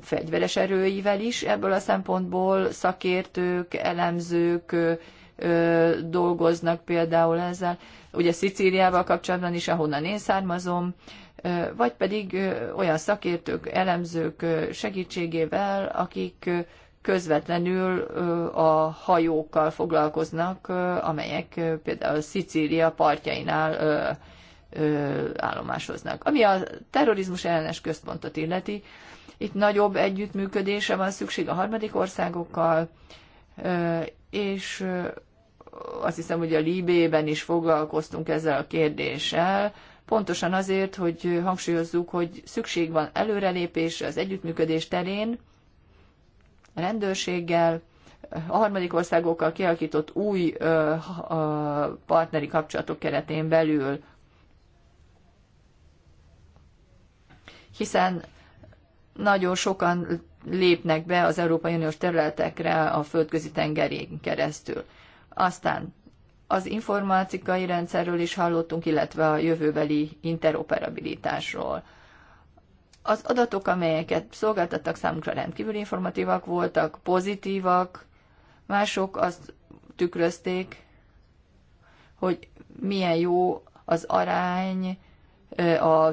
Speaker 1: fegyveres erőivel is ebből a szempontból szakértők, elemzők, dolgoznak például ezzel. Ugye Szicíliával kapcsolatban is, ahonnan én származom, vagy pedig olyan szakértők, elemzők segítségével, akik közvetlenül a hajókkal foglalkoznak, amelyek például Szicília partjainál állomásoznak. Ami a terrorizmus ellenes központot illeti, itt nagyobb együttműködésre van szükség a harmadik országokkal, és azt hiszem, hogy a Libében is foglalkoztunk ezzel a kérdéssel, pontosan azért, hogy hangsúlyozzuk, hogy szükség van előrelépésre az együttműködés terén, a rendőrséggel, a harmadik országokkal kialakított új ö, ö, partneri kapcsolatok keretén belül. Hiszen nagyon sokan lépnek be az Európai Uniós területekre a földközi tengerén keresztül. Aztán az informatikai rendszerről is hallottunk, illetve a jövőbeli interoperabilitásról. Az adatok, amelyeket szolgáltattak számunkra rendkívül informatívak voltak, pozitívak, mások azt tükrözték, hogy milyen jó az arány, a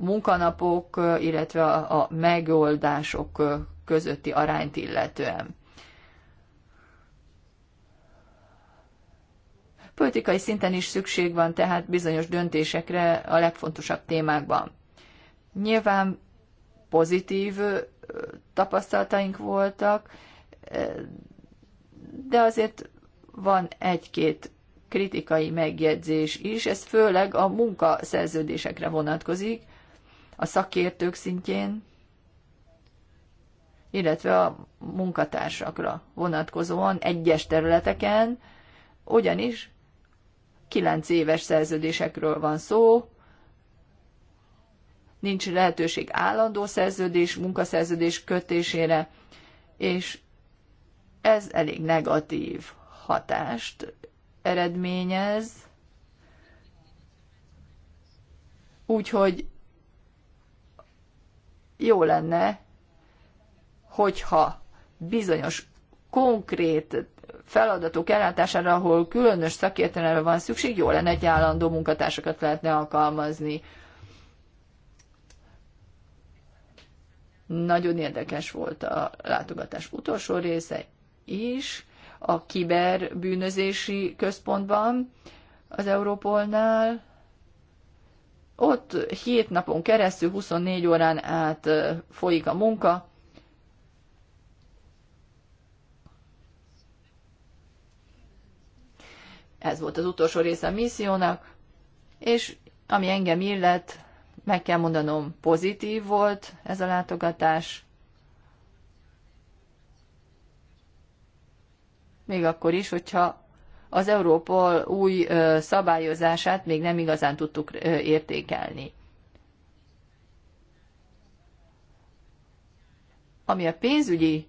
Speaker 1: munkanapok, illetve a megoldások közötti arányt illetően. Politikai szinten is szükség van tehát bizonyos döntésekre a legfontosabb témákban. Nyilván pozitív tapasztalataink voltak, de azért van egy-két kritikai megjegyzés is, ez főleg a munkaszerződésekre vonatkozik, a szakértők szintjén, illetve a munkatársakra vonatkozóan egyes területeken, ugyanis Kilenc éves szerződésekről van szó, nincs lehetőség állandó szerződés, munkaszerződés kötésére, és ez elég negatív hatást eredményez, úgyhogy jó lenne, hogyha bizonyos konkrét feladatok ellátására, ahol különös szakértelemre van szükség, jó lenne, egy állandó munkatársakat lehetne alkalmazni. Nagyon érdekes volt a látogatás utolsó része is, a kiberbűnözési központban, az Európolnál. Ott hét napon keresztül, 24 órán át folyik a munka, Ez volt az utolsó része a missziónak, és ami engem illet, meg kell mondanom, pozitív volt ez a látogatás. Még akkor is, hogyha az Európol új szabályozását még nem igazán tudtuk értékelni. Ami a pénzügyi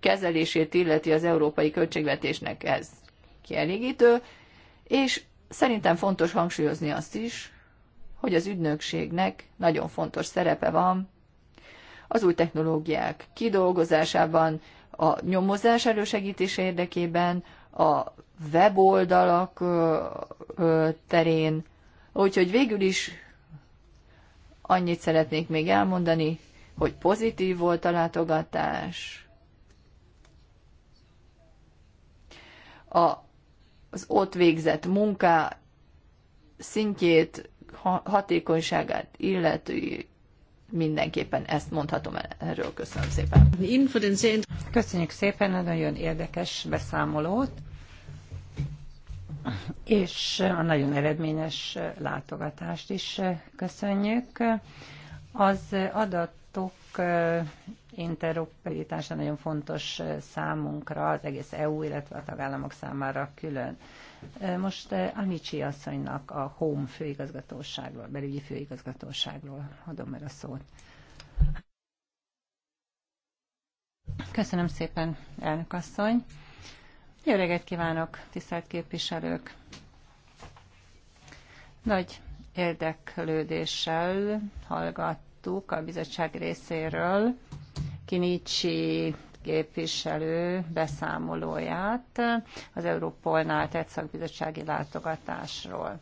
Speaker 1: kezelését illeti az európai költségvetésnek, ez kielégítő, és szerintem fontos hangsúlyozni azt is, hogy az ügynökségnek nagyon fontos szerepe van az új technológiák kidolgozásában, a nyomozás elősegítése érdekében, a weboldalak terén. Úgyhogy végül is annyit szeretnék még elmondani, hogy pozitív volt a látogatás. A az ott végzett munká szintjét, hatékonyságát illető mindenképpen ezt mondhatom erről. Köszönöm szépen.
Speaker 2: Köszönjük szépen, nagyon érdekes beszámolót, és a nagyon eredményes látogatást is köszönjük. Az adatok interoperabilitása nagyon fontos számunkra, az egész EU, illetve a tagállamok számára külön. Most Amici asszonynak a Home főigazgatóságról, belügyi főigazgatóságról adom meg a szót. Köszönöm szépen, elnök asszony. Jó reggelt kívánok, tisztelt képviselők! Nagy érdeklődéssel hallgattuk a bizottság részéről Kinicsi képviselő beszámolóját az Európolnál tett szakbizottsági látogatásról.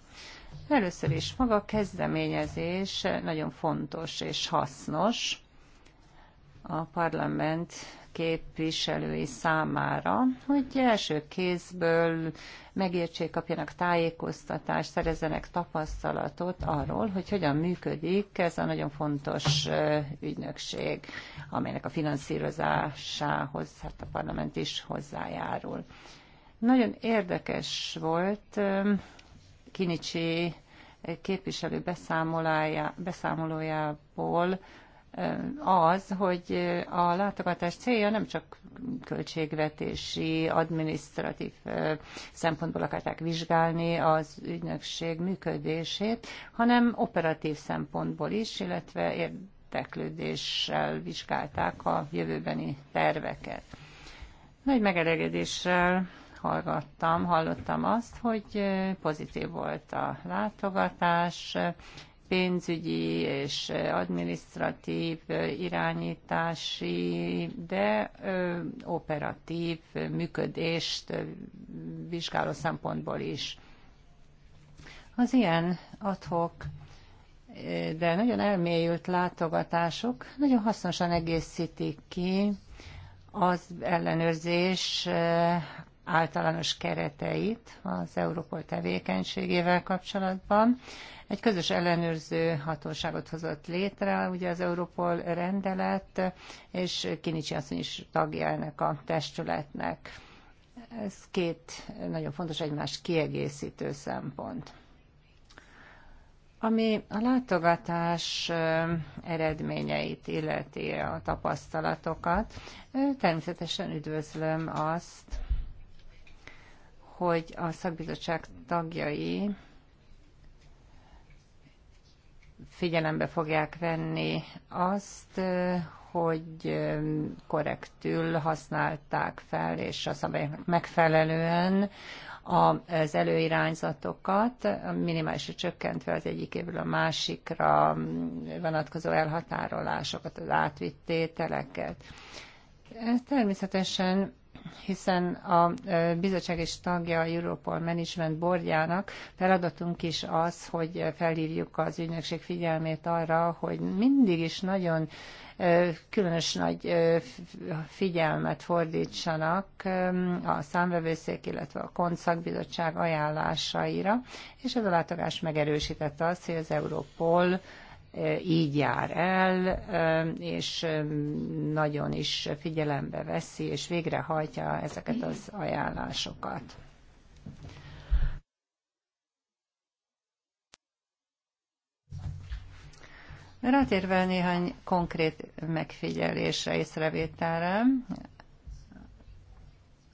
Speaker 2: Először is maga a kezdeményezés nagyon fontos és hasznos, a parlament képviselői számára, hogy első kézből megértsék, kapjanak tájékoztatást, szerezzenek tapasztalatot arról, hogy hogyan működik ez a nagyon fontos ügynökség, amelynek a finanszírozásához hát a parlament is hozzájárul. Nagyon érdekes volt Kinicsi képviselő beszámolójából az, hogy a látogatás célja nem csak költségvetési, adminisztratív szempontból akarták vizsgálni az ügynökség működését, hanem operatív szempontból is, illetve érdeklődéssel vizsgálták a jövőbeni terveket. Nagy megelégedéssel hallgattam, hallottam azt, hogy pozitív volt a látogatás, pénzügyi és administratív irányítási, de operatív működést vizsgáló szempontból is. Az ilyen adhok de nagyon elmélyült látogatások nagyon hasznosan egészítik ki az ellenőrzés általános kereteit az Európol tevékenységével kapcsolatban. Egy közös ellenőrző hatóságot hozott létre, ugye az Europol rendelet, és Kinicsi asszony is tagja ennek a testületnek. Ez két nagyon fontos egymás kiegészítő szempont. Ami a látogatás eredményeit illeti a tapasztalatokat, természetesen üdvözlöm azt, hogy a szakbizottság tagjai figyelembe fogják venni azt, hogy korrektül használták fel, és a szabályoknak megfelelően az előirányzatokat, minimálisra csökkentve az egyik évről a másikra vonatkozó elhatárolásokat, az átvittételeket. Természetesen hiszen a bizottság és tagja a Europol Management Boardjának feladatunk is az, hogy felhívjuk az ügynökség figyelmét arra, hogy mindig is nagyon különös nagy figyelmet fordítsanak a számvevőszék, illetve a kontszakbizottság ajánlásaira, és ez a látogás megerősítette azt, hogy az Europol így jár el, és nagyon is figyelembe veszi, és végrehajtja ezeket az ajánlásokat. Rátérve néhány konkrét megfigyelésre, észrevételre,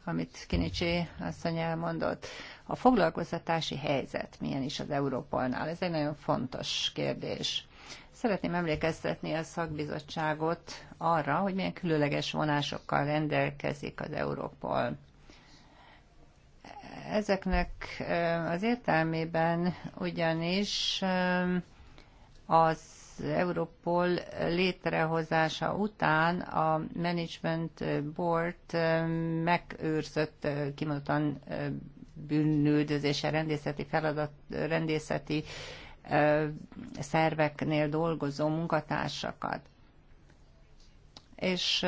Speaker 2: amit Kinicsi asszony elmondott. A foglalkoztatási helyzet milyen is az Európolnál? Ez egy nagyon fontos kérdés. Szeretném emlékeztetni a szakbizottságot arra, hogy milyen különleges vonásokkal rendelkezik az Európol. Ezeknek eh, az értelmében ugyanis eh, az Europol létrehozása után a Management Board eh, megőrzött kimondottan bűnüldözése rendészeti feladat, rendészeti szerveknél dolgozó munkatársakat. És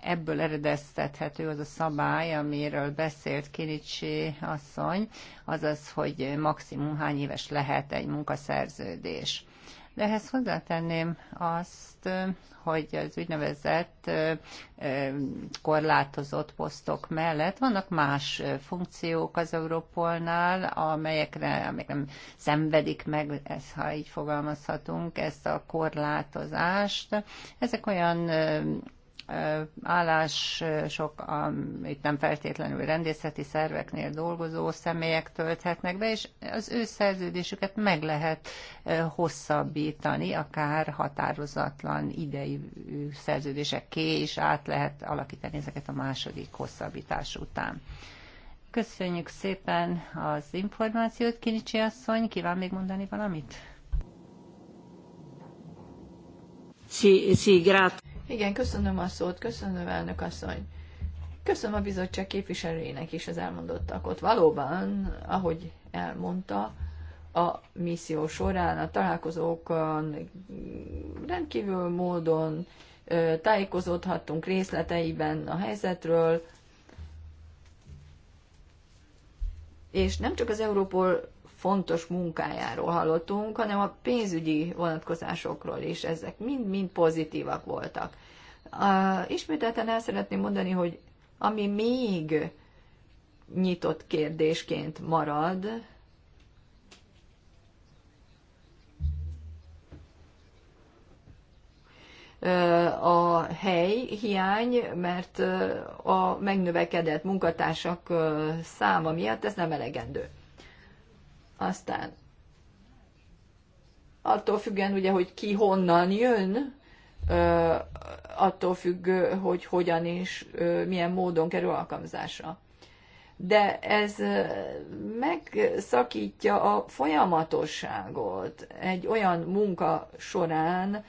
Speaker 2: ebből eredeztethető az a szabály, amiről beszélt Kiricsi asszony, azaz, hogy maximum hány éves lehet egy munkaszerződés. De ehhez hozzátenném azt, hogy az úgynevezett korlátozott posztok mellett vannak más funkciók az Európolnál, amelyekre amelyek nem szenvedik meg, ez, ha így fogalmazhatunk, ezt a korlátozást. Ezek olyan állások, itt nem feltétlenül rendészeti szerveknél dolgozó személyek tölthetnek be, és az ő szerződésüket meg lehet hosszabbítani, akár határozatlan idei ké, is át lehet alakítani ezeket a második hosszabbítás után. Köszönjük szépen az információt, Kinicsi asszony. Kíván még mondani valamit?
Speaker 1: Sí, sí, grat igen, köszönöm a szót, köszönöm elnök asszony. Köszönöm a bizottság képviselőjének is az elmondottakot. Valóban, ahogy elmondta, a misszió során a találkozókon rendkívül módon tájékozódhattunk részleteiben a helyzetről, és nem csak az Európol fontos munkájáról hallottunk, hanem a pénzügyi vonatkozásokról is. Ezek mind-mind pozitívak voltak. Uh, ismételten el szeretném mondani, hogy ami még nyitott kérdésként marad, a hely hiány, mert a megnövekedett munkatársak száma miatt ez nem elegendő. Aztán attól függően ugye, hogy ki honnan jön, attól függ, hogy hogyan és milyen módon kerül alkalmazásra. De ez megszakítja a folyamatosságot egy olyan munka során,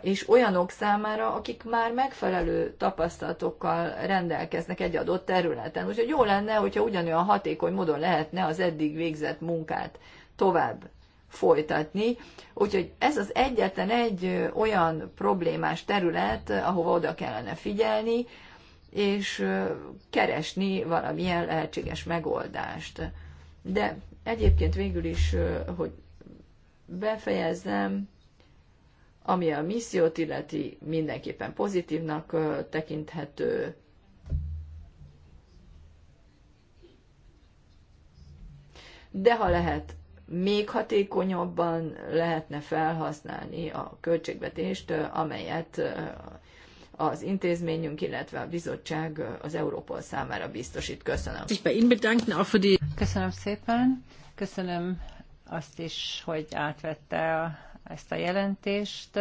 Speaker 1: és olyanok számára, akik már megfelelő tapasztalatokkal rendelkeznek egy adott területen. Úgyhogy jó lenne, hogyha ugyanolyan hatékony módon lehetne az eddig végzett munkát tovább folytatni. Úgyhogy ez az egyetlen egy olyan problémás terület, ahova oda kellene figyelni, és keresni valamilyen lehetséges megoldást. De egyébként végül is, hogy befejezzem, ami a missziót illeti, mindenképpen pozitívnak tekinthető. De ha lehet, még hatékonyabban lehetne felhasználni a költségvetést, amelyet az intézményünk, illetve a bizottság az Európol számára biztosít. Köszönöm.
Speaker 2: Köszönöm szépen. Köszönöm azt is, hogy átvette a ezt a jelentést.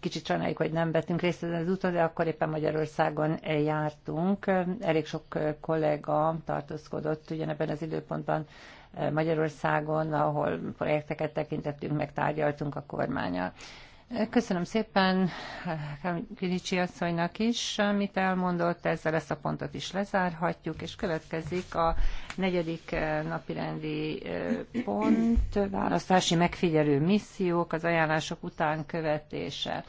Speaker 2: Kicsit sajnáljuk, hogy nem vettünk részt ezen az úton, de akkor éppen Magyarországon jártunk. Elég sok kollega tartózkodott ugyanebben az időpontban Magyarországon, ahol projekteket tekintettünk, meg tárgyaltunk a kormányal. Köszönöm szépen Kinicsi asszonynak is, amit elmondott, ezzel ezt a pontot is lezárhatjuk, és következik a negyedik eh, napirendi eh, pont, választási megfigyelő missziók, az ajánlások után követése.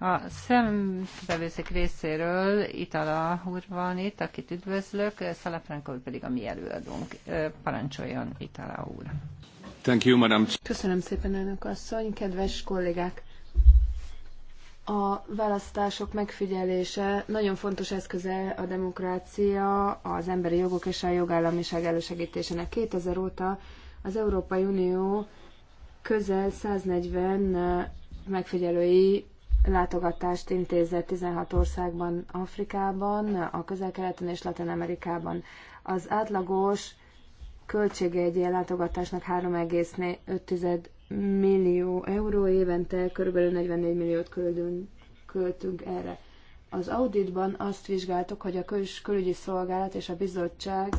Speaker 2: A szembevőszék részéről Itala úr van itt, akit üdvözlök, úr pedig a mi előadónk. Eh, parancsoljon Itala úr. Thank you, madam. Köszönöm
Speaker 3: szépen, elnök asszony, kedves kollégák! A választások megfigyelése nagyon fontos eszköze a demokrácia, az emberi jogok és a jogállamiság elősegítésének. 2000 óta az Európai Unió közel 140 megfigyelői látogatást intézett 16 országban, Afrikában, a közel-keleten és Latin-Amerikában. Az átlagos költsége egy ilyen látogatásnak 3,5 millió euró évente, körülbelül 44 milliót költünk, költünk erre. Az auditban azt vizsgáltuk, hogy a kül- külügyi szolgálat és a bizottság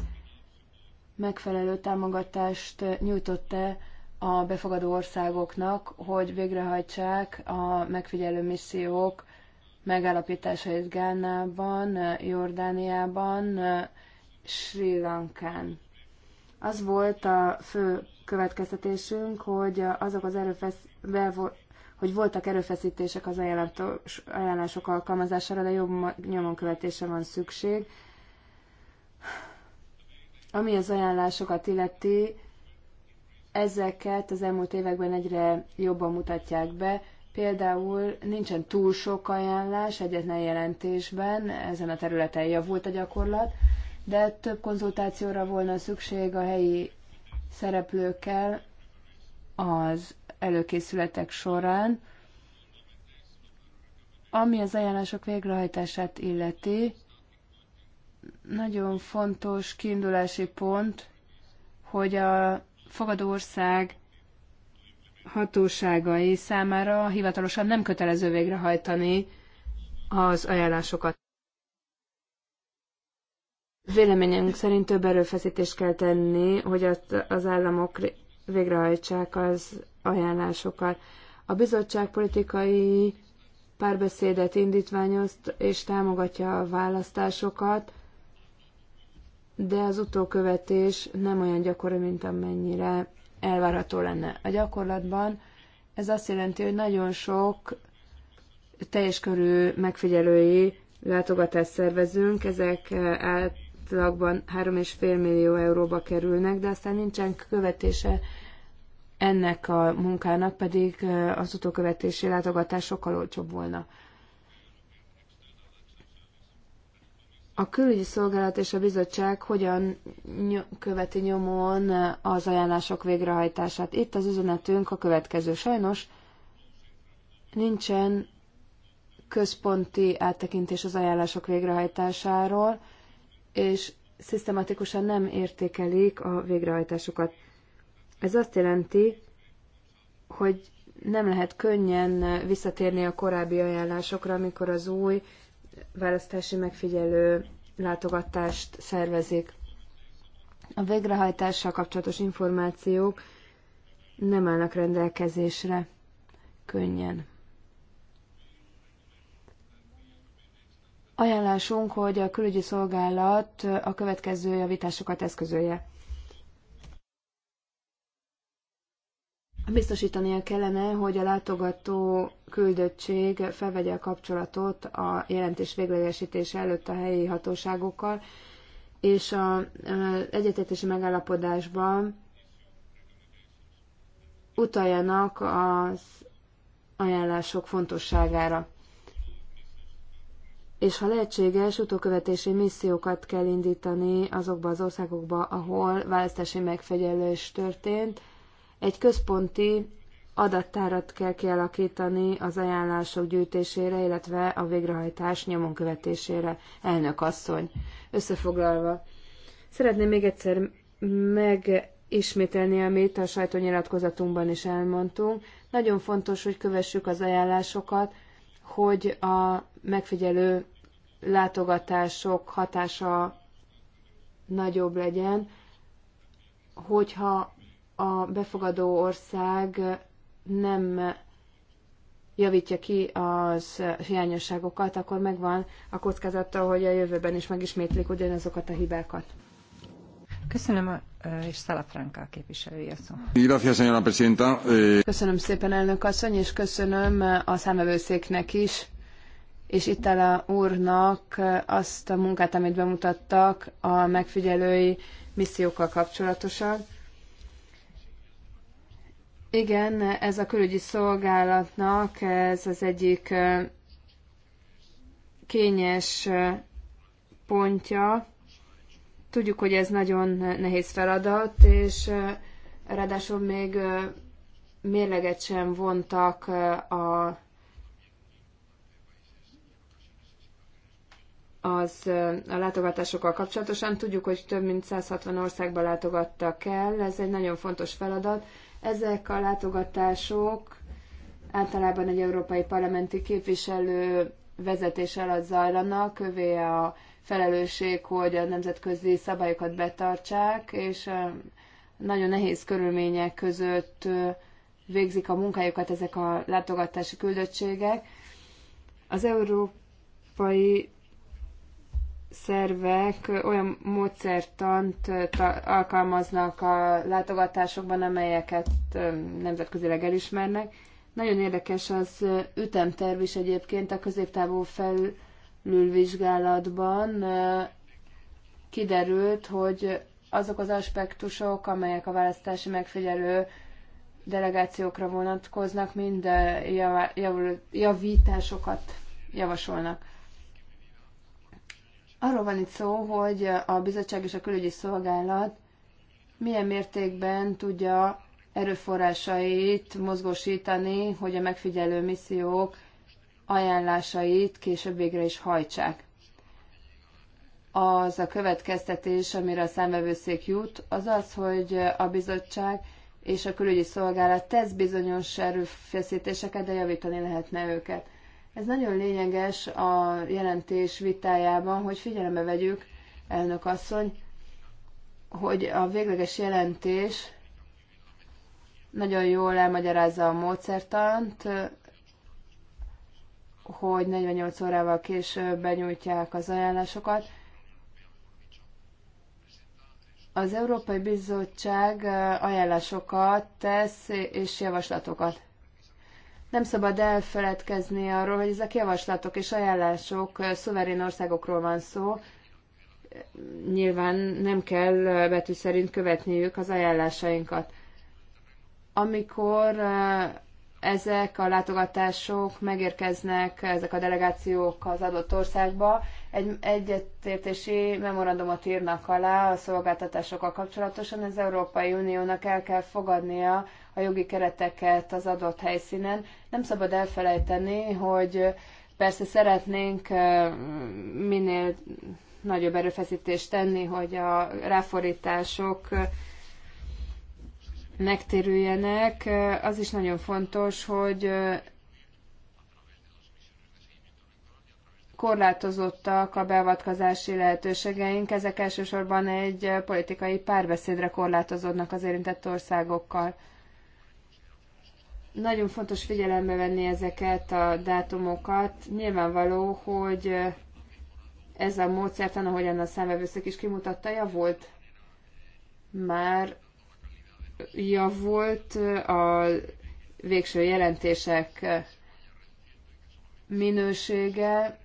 Speaker 3: megfelelő támogatást nyújtott-e a befogadó országoknak, hogy végrehajtsák a megfigyelő missziók megállapításait Gánában, Jordániában, Sri Lankán. Az volt a fő következtetésünk, hogy azok az erőfesz, hogy voltak erőfeszítések az ajánlások alkalmazására, de jobb nyomon követése van szükség. Ami az ajánlásokat illeti, ezeket az elmúlt években egyre jobban mutatják be. Például nincsen túl sok ajánlás egyetlen jelentésben, ezen a területen javult a gyakorlat, de több konzultációra volna szükség a helyi szereplőkkel az előkészületek során, ami az ajánlások végrehajtását illeti, nagyon fontos kiindulási pont, hogy a fogadó ország hatóságai számára hivatalosan nem kötelező végrehajtani az ajánlásokat. Véleményünk szerint több erőfeszítést kell tenni, hogy az államok végrehajtsák az ajánlásokat. A bizottság politikai párbeszédet indítványozt és támogatja a választásokat, de az utókövetés nem olyan gyakori, mint amennyire elvárható lenne. A gyakorlatban ez azt jelenti, hogy nagyon sok teljes körű megfigyelői látogatást szervezünk, ezek át átlagban 3,5 millió euróba kerülnek, de aztán nincsen követése ennek a munkának, pedig az utókövetési látogatás sokkal olcsóbb volna. A külügyi szolgálat és a bizottság hogyan követi nyomon az ajánlások végrehajtását? Itt az üzenetünk a következő. Sajnos nincsen központi áttekintés az ajánlások végrehajtásáról, és szisztematikusan nem értékelik a végrehajtásokat. Ez azt jelenti, hogy nem lehet könnyen visszatérni a korábbi ajánlásokra, amikor az új választási megfigyelő látogatást szervezik. A végrehajtással kapcsolatos információk nem állnak rendelkezésre könnyen. ajánlásunk, hogy a külügyi szolgálat a következő javításokat eszközölje. Biztosítania kellene, hogy a látogató küldöttség felvegye a kapcsolatot a jelentés véglegesítése előtt a helyi hatóságokkal, és az egyetetési megállapodásban utaljanak az ajánlások fontosságára és ha lehetséges, utókövetési missziókat kell indítani azokba az országokba, ahol választási megfigyelés történt. Egy központi adattárat kell kialakítani az ajánlások gyűjtésére, illetve a végrehajtás nyomon követésére, elnök asszony. Összefoglalva, szeretném még egyszer megismételni, amit a sajtónyilatkozatunkban is elmondtunk. Nagyon fontos, hogy kövessük az ajánlásokat, hogy a megfigyelő látogatások hatása nagyobb legyen, hogyha a befogadó ország nem javítja ki az hiányosságokat, akkor megvan a kockázata, hogy a jövőben is megismétlik ugyanazokat a hibákat. Köszönöm, és Szalafranka képviselője szó.
Speaker 2: Eh,
Speaker 3: köszönöm szépen, elnök asszony, és köszönöm a számövőszéknek is és a úrnak azt a munkát, amit bemutattak a megfigyelői missziókkal kapcsolatosan. Igen, ez a külügyi szolgálatnak ez az egyik kényes pontja. Tudjuk, hogy ez nagyon nehéz feladat, és ráadásul még mérleget sem vontak a az a látogatásokkal kapcsolatosan. Tudjuk, hogy több mint 160 országba látogattak el, ez egy nagyon fontos feladat. Ezek a látogatások általában egy európai parlamenti képviselő vezetés alatt zajlanak, övé a felelősség, hogy a nemzetközi szabályokat betartsák, és nagyon nehéz körülmények között végzik a munkájukat ezek a látogatási küldöttségek. Az Európai szervek olyan módszertant alkalmaznak a látogatásokban, amelyeket nemzetközileg elismernek. Nagyon érdekes az ütemterv is egyébként a középtávú felülvizsgálatban kiderült, hogy azok az aspektusok, amelyek a választási megfigyelő delegációkra vonatkoznak, mind javításokat javasolnak. Arról van itt szó, hogy a bizottság és a külügyi szolgálat milyen mértékben tudja erőforrásait mozgósítani, hogy a megfigyelő missziók ajánlásait később végre is hajtsák. Az a következtetés, amire a számvevőszék jut, az az, hogy a bizottság és a külügyi szolgálat tesz bizonyos erőfeszítéseket, de javítani lehetne őket. Ez nagyon lényeges a jelentés vitájában, hogy figyelembe vegyük, elnök asszony, hogy a végleges jelentés nagyon jól elmagyarázza a módszertant, hogy 48 órával később benyújtják az ajánlásokat. Az Európai Bizottság ajánlásokat tesz és javaslatokat. Nem szabad elfeledkezni arról, hogy ezek javaslatok és ajánlások szuverén országokról van szó. Nyilván nem kell betű szerint követniük az ajánlásainkat. Amikor ezek a látogatások megérkeznek, ezek a delegációk az adott országba, egy egyetértési memorandumot írnak alá a szolgáltatásokkal kapcsolatosan, az Európai Uniónak el kell fogadnia a jogi kereteket az adott helyszínen. Nem szabad elfelejteni, hogy persze szeretnénk minél nagyobb erőfeszítést tenni, hogy a ráforítások megtérüljenek. Az is nagyon fontos, hogy korlátozottak a beavatkozási lehetőségeink, ezek elsősorban egy politikai párbeszédre korlátozódnak az érintett országokkal. Nagyon fontos figyelembe venni ezeket a dátumokat. Nyilvánvaló, hogy ez a módszertan, ahogyan a számvevőszék is kimutatta, javult. Már javult a végső jelentések minősége,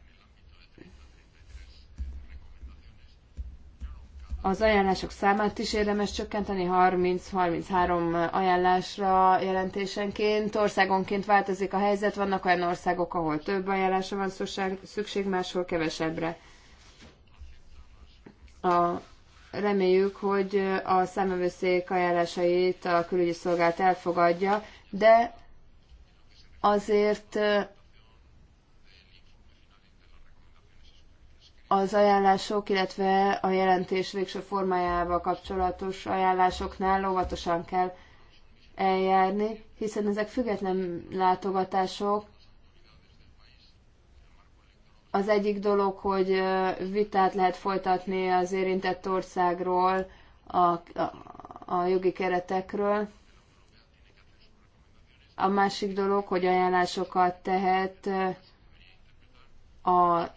Speaker 3: Az ajánlások számát is érdemes csökkenteni 30-33 ajánlásra jelentésenként. Országonként változik a helyzet, vannak olyan országok, ahol több ajánlásra van szükség, máshol kevesebbre. A, reméljük, hogy a szemövőszék ajánlásait a külügyi szolgált elfogadja, de azért az ajánlások, illetve a jelentés végső formájával kapcsolatos ajánlásoknál óvatosan kell eljárni, hiszen ezek független látogatások. Az egyik dolog, hogy vitát lehet folytatni az érintett országról, a, a, a jogi keretekről. A másik dolog, hogy ajánlásokat tehet a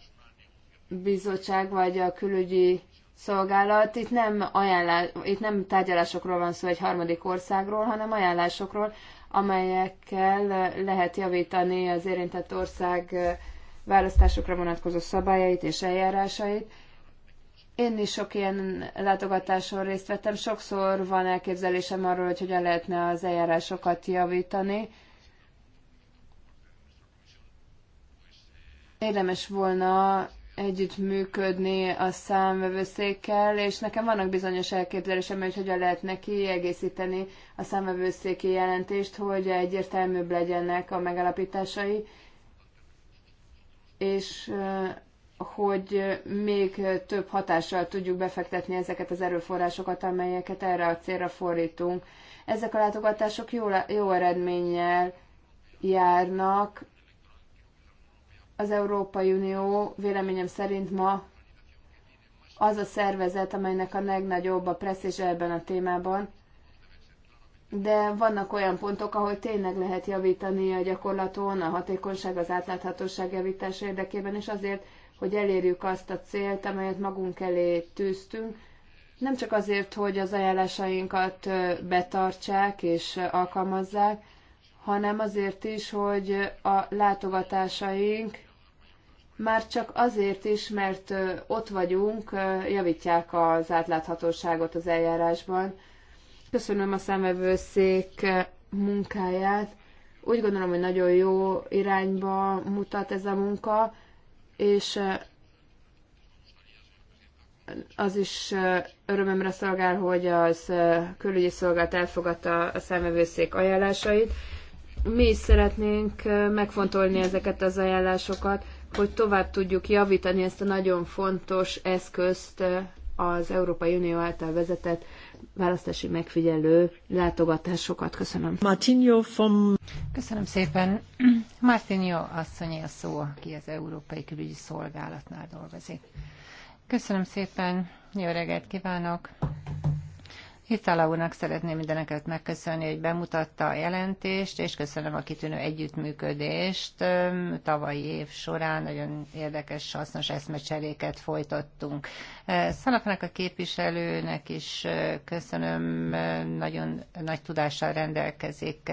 Speaker 3: bizottság vagy a külügyi szolgálat, itt nem, ajánlás, itt nem tárgyalásokról van szó egy harmadik országról, hanem ajánlásokról, amelyekkel lehet javítani az érintett ország választásokra vonatkozó szabályait és eljárásait. Én is sok ilyen látogatáson részt vettem. Sokszor van elképzelésem arról, hogy hogyan lehetne az eljárásokat javítani. Érdemes volna együttműködni a számvevőszékkel, és nekem vannak bizonyos elképzelésem, hogy hogyan neki egészíteni a számvevőszéki jelentést, hogy egyértelműbb legyenek a megalapításai, és hogy még több hatással tudjuk befektetni ezeket az erőforrásokat, amelyeket erre a célra fordítunk. Ezek a látogatások jó, jó eredménnyel járnak, az Európai Unió véleményem szerint ma az a szervezet, amelynek a legnagyobb a presztízse ebben a témában, de vannak olyan pontok, ahol tényleg lehet javítani a gyakorlaton, a hatékonyság, az átláthatóság javítása érdekében, és azért, hogy elérjük azt a célt, amelyet magunk elé tűztünk, nem csak azért, hogy az ajánlásainkat betartsák és alkalmazzák, hanem azért is, hogy a látogatásaink már csak azért is, mert ott vagyunk, javítják az átláthatóságot az eljárásban. Köszönöm a számvevőszék munkáját. Úgy gondolom, hogy nagyon jó irányba mutat ez a munka, és az is örömömre szolgál, hogy az külügyi szolgált elfogadta a számvevőszék ajánlásait. Mi is szeretnénk megfontolni ezeket az ajánlásokat, hogy tovább tudjuk javítani ezt a nagyon fontos eszközt eh, az Európai Unió által vezetett választási megfigyelő látogatásokat. Köszönöm. Martinho from...
Speaker 2: Köszönöm szépen. Martinho asszony a szó, aki az Európai Külügyi Szolgálatnál dolgozik. Köszönöm szépen, jó reggelt kívánok! Hitala úrnak szeretném mindeneket megköszönni, hogy bemutatta a jelentést, és köszönöm a kitűnő együttműködést. Tavalyi év során nagyon érdekes, hasznos eszmecseréket folytattunk. Szalapnak a képviselőnek is köszönöm, nagyon nagy tudással rendelkezik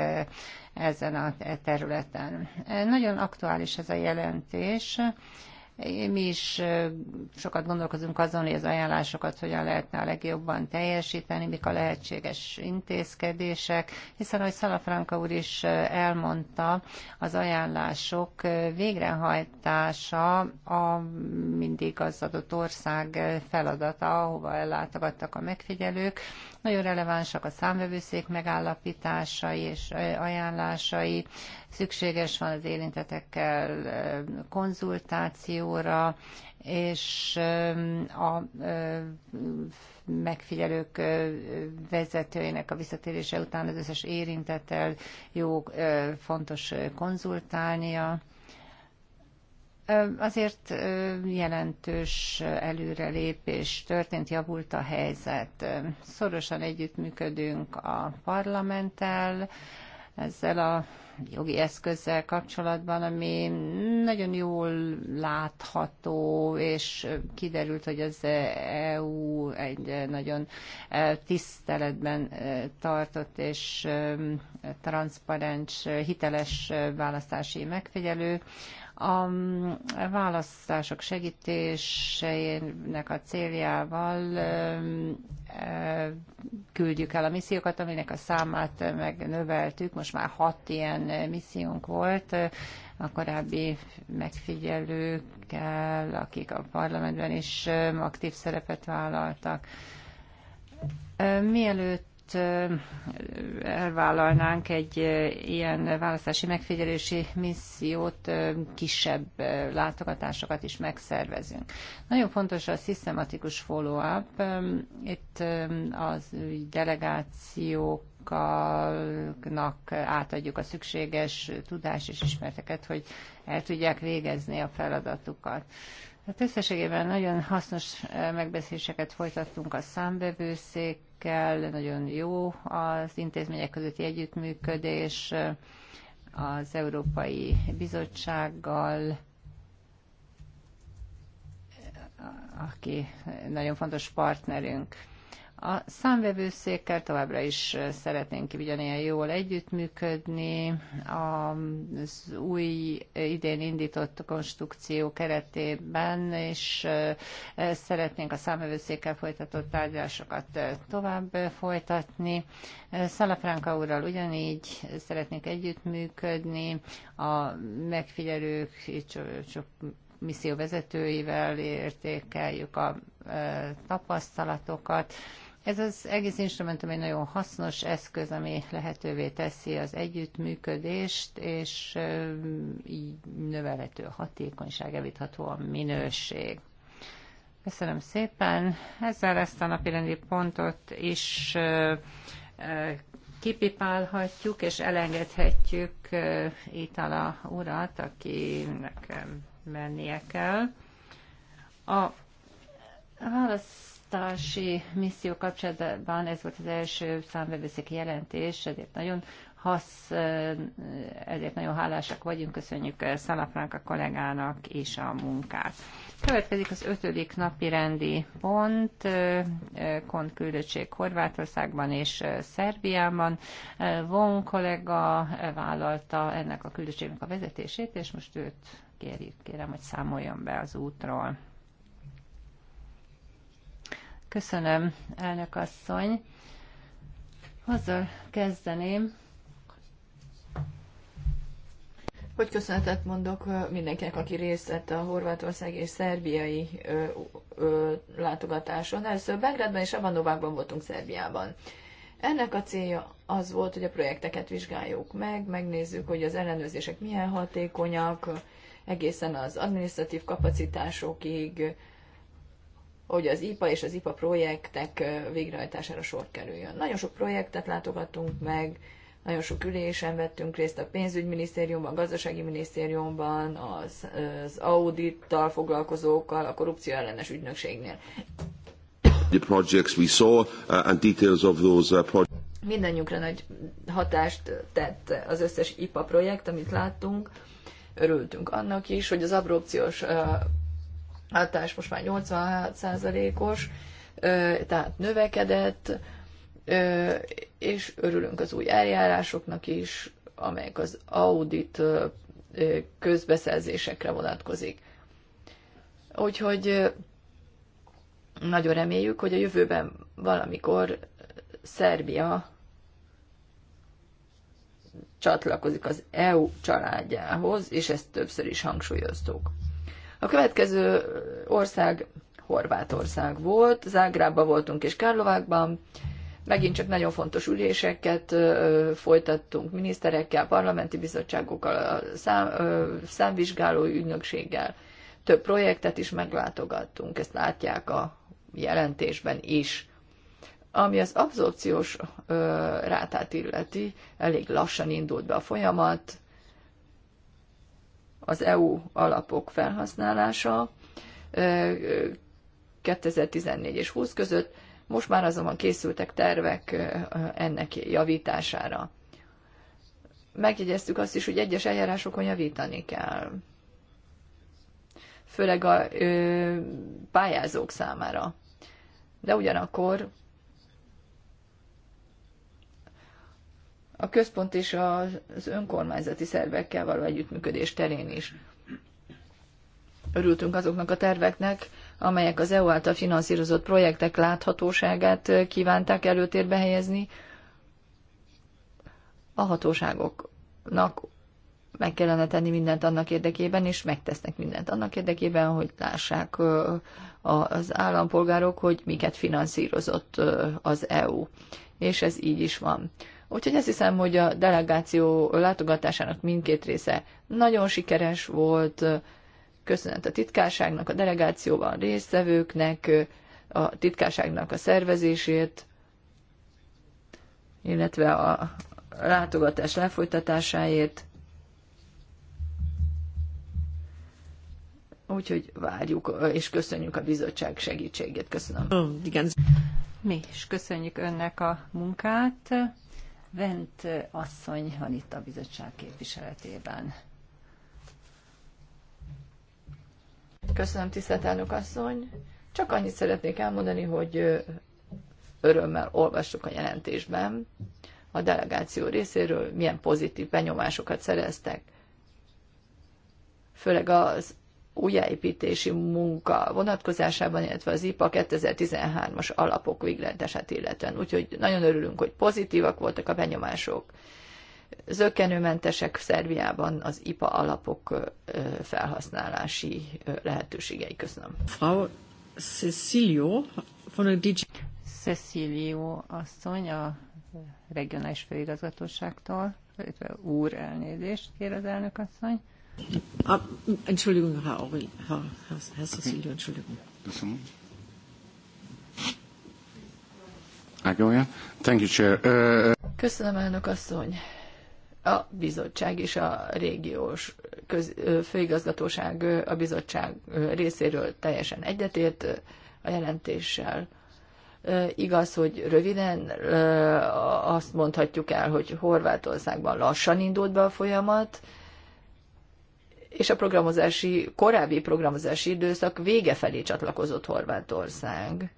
Speaker 2: ezen a területen. Nagyon aktuális ez a jelentés mi is sokat gondolkozunk azon, hogy az ajánlásokat hogyan lehetne a legjobban teljesíteni, mik a lehetséges intézkedések, hiszen, ahogy Szalafranka úr is elmondta, az ajánlások végrehajtása a mindig az adott ország feladata, ahova ellátogattak a megfigyelők. Nagyon relevánsak a számvevőszék megállapításai és ajánlásai, Szükséges van az érintetekkel konzultációra, és a megfigyelők vezetőjének a visszatérése után az összes érintettel jó, fontos konzultálnia. Azért jelentős előrelépés történt, javult a helyzet. Szorosan együttműködünk a parlamenttel, ezzel a jogi eszközzel kapcsolatban, ami nagyon jól látható, és kiderült, hogy az EU egy nagyon e, tiszteletben e, tartott és e, transzparens, hiteles választási megfigyelő, a választások segítésének a céljával küldjük el a missziókat, aminek a számát megnöveltük. Most már hat ilyen missziónk volt a korábbi megfigyelőkkel, akik a parlamentben is aktív szerepet vállaltak. Mielőtt mielőtt elvállalnánk egy ilyen választási megfigyelési missziót, kisebb látogatásokat is megszervezünk. Nagyon fontos a szisztematikus follow-up. Itt az delegációknak átadjuk a szükséges tudás és ismerteket, hogy el tudják végezni a feladatukat. Hát összességében nagyon hasznos eh, megbeszéléseket folytattunk a számbevőszékkel, nagyon jó az intézmények közötti együttműködés, eh, az Európai Bizottsággal, eh, aki nagyon fontos partnerünk. A számvevőszékkel továbbra is szeretnénk ugyanilyen jól együttműködni. Az új idén indított konstrukció keretében és szeretnénk a számvevőszékkel folytatott tárgyalásokat tovább folytatni. Szalafránka úrral ugyanígy szeretnénk együttműködni. A megfigyelők misszió vezetőivel értékeljük a tapasztalatokat ez az egész instrumentum egy nagyon hasznos eszköz, ami lehetővé teszi az együttműködést, és így növelhető a hatékonyság, evitható a minőség. Köszönöm szépen. Ezzel ezt a napirendi pontot is kipipálhatjuk és elengedhetjük Itala urat, akinek mennie kell. A válasz választási misszió kapcsolatban ez volt az első számbevőszéki jelentés, ezért nagyon hasz, ezért nagyon hálásak vagyunk, köszönjük eh, a kollégának és a munkát. Következik az ötödik napi rendi pont, eh, eh, kont küldöttség Horvátországban és Szerbiában. Von kollega vállalta ennek a küldöttségnek a vezetését, és most őt kérjük, kérem, hogy számoljon be az útról. Köszönöm, elnök asszony. Azzal
Speaker 1: kezdeném, hogy köszönetet mondok mindenkinek, aki részt vett a horvátország és szerbiai ö, ö, látogatáson. Először Belgrádban és Abandovákban voltunk Szerbiában. Ennek a célja az volt, hogy a projekteket vizsgáljuk meg, megnézzük, hogy az ellenőrzések milyen hatékonyak, egészen az administratív kapacitásokig, hogy az IPA és az IPA projektek végrehajtására sor kerüljön. Nagyon sok projektet látogattunk meg, nagyon sok ülésen vettünk részt a pénzügyminisztériumban, a gazdasági minisztériumban, az, az audittal foglalkozókkal, a korrupció ellenes ügynökségnél. The projects we saw uh,
Speaker 2: and details of those uh,
Speaker 1: Mindennyiukra nagy hatást tett az összes IPA projekt, amit láttunk. Örültünk annak is, hogy az abrópciós uh, általános most már 86%-os, tehát növekedett, és örülünk az új eljárásoknak is, amelyek az audit közbeszerzésekre vonatkozik. Úgyhogy nagyon reméljük, hogy a jövőben valamikor Szerbia csatlakozik az EU családjához, és ezt többször is hangsúlyoztuk. A következő ország Horvátország volt, Zágrában voltunk és Kárlovákban, megint csak nagyon fontos üléseket folytattunk miniszterekkel, parlamenti bizottságokkal, a szám, számvizsgáló ügynökséggel. Több projektet is meglátogattunk, ezt látják a jelentésben is. Ami az abszorpciós rátát illeti, elég lassan indult be a folyamat, az EU alapok felhasználása 2014 és 20 között, most már azonban készültek tervek ennek javítására. Megjegyeztük azt is, hogy egyes eljárásokon javítani kell, főleg a pályázók számára. De ugyanakkor a központ és az önkormányzati szervekkel való együttműködés terén is. Örültünk azoknak a terveknek, amelyek az EU által finanszírozott projektek láthatóságát kívánták előtérbe helyezni. A hatóságoknak meg kellene tenni mindent annak érdekében, és megtesznek mindent annak érdekében, hogy lássák az állampolgárok, hogy miket finanszírozott az EU. És ez így is van. Úgyhogy azt hiszem, hogy a delegáció látogatásának mindkét része nagyon sikeres volt. Köszönet a titkárságnak, a delegációban résztvevőknek, a titkárságnak a szervezését, illetve a látogatás lefolytatásáért. Úgyhogy várjuk, és köszönjük a bizottság segítségét. Köszönöm. Oh,
Speaker 2: Mi is köszönjük önnek a munkát Vent asszony van itt a bizottság
Speaker 1: képviseletében. Köszönöm, tisztelt elnök asszony. Csak annyit szeretnék elmondani, hogy örömmel olvassuk a jelentésben a delegáció részéről, milyen pozitív benyomásokat szereztek. Főleg az újjáépítési munka vonatkozásában, illetve az IPA 2013-as alapok végletesát illetően. Úgyhogy nagyon örülünk, hogy pozitívak voltak a benyomások. Zökkenőmentesek Szerbiában az IPA alapok felhasználási lehetőségei. Köszönöm. Frau Cecilio von a DG... Cecilio
Speaker 2: asszony a regionális főigazgatóságtól, illetve úr elnézést kér az elnök asszony. Entschuldigung, Herr, Aurel, Herr, Herr,
Speaker 1: Herr Cecilio, Entschuldigung. Thank you, Chair. Uh, Köszönöm, elnök asszony. A bizottság és a régiós köz, főigazgatóság a bizottság részéről teljesen egyetért a jelentéssel. Igaz, hogy röviden azt mondhatjuk el, hogy Horvátországban lassan indult be a folyamat, és a programozási, korábbi programozási időszak vége felé csatlakozott Horvátország.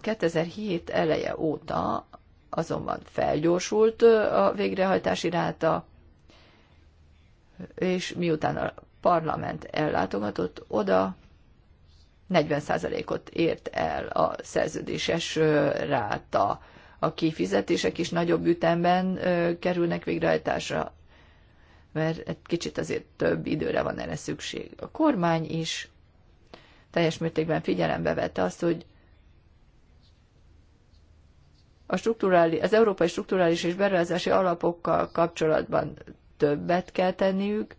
Speaker 1: 2007 eleje óta azonban felgyorsult a végrehajtási ráta, és miután a parlament ellátogatott oda, 40%-ot ért el a szerződéses ráta. A kifizetések is nagyobb ütemben kerülnek végrehajtásra mert egy kicsit azért több időre van erre szükség. A kormány is teljes mértékben figyelembe vette azt, hogy a strukturális, az európai strukturális és beruházási alapokkal kapcsolatban többet kell tenniük,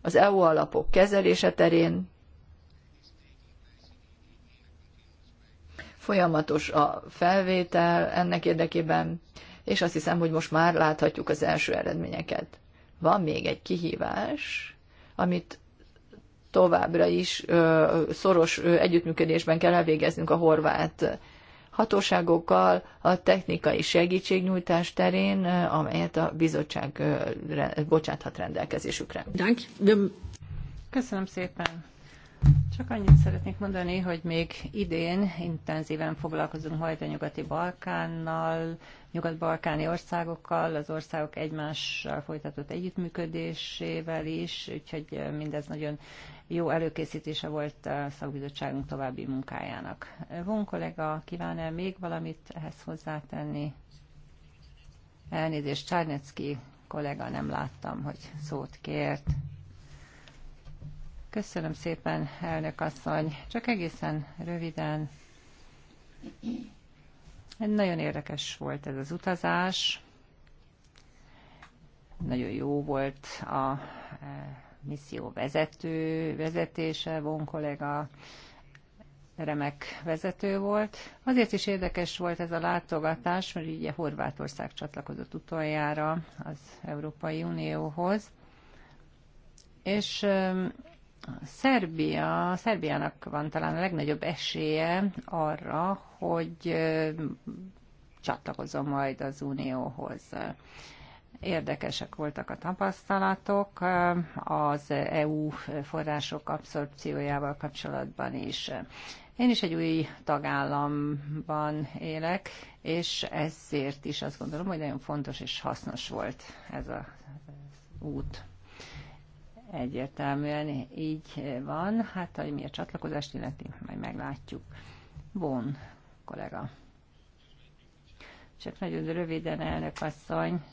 Speaker 1: az EU alapok kezelése terén folyamatos a felvétel ennek érdekében, és azt hiszem, hogy most már láthatjuk az első eredményeket. Van még egy kihívás, amit továbbra is ö, szoros ö, együttműködésben kell elvégeznünk a horvát hatóságokkal a technikai segítségnyújtás terén, amelyet a bizottság bocsáthat rendelkezésükre.
Speaker 2: Köszönöm szépen. Csak annyit szeretnék mondani, hogy még idén intenzíven foglalkozunk majd a nyugati Balkánnal, nyugat-balkáni országokkal, az országok egymással folytatott együttműködésével is, úgyhogy mindez nagyon jó előkészítése volt a szakbizottságunk további munkájának. Von kollega, kíván -e még valamit ehhez hozzátenni? Elnézést, Csárnecki kollega, nem láttam, hogy szót kért. Köszönöm szépen, elnök asszony. Csak egészen röviden. Nagyon érdekes volt ez az utazás. Nagyon jó volt a e, misszió vezető, vezetése, von kollega remek vezető volt. Azért is érdekes volt ez a látogatás, mert ugye Horvátország csatlakozott utoljára az Európai Unióhoz, és a Szerbia, a Szerbiának van talán a legnagyobb esélye arra, hogy csatlakozom majd az Unióhoz. Érdekesek voltak a tapasztalatok az EU források abszorpciójával kapcsolatban is. Én is egy új tagállamban élek, és ezért is azt gondolom, hogy nagyon fontos és hasznos volt ez az út egyértelműen így van. Hát, hogy mi a csatlakozást illeti, majd meglátjuk. Von kollega. Csak nagyon röviden, elnök asszony,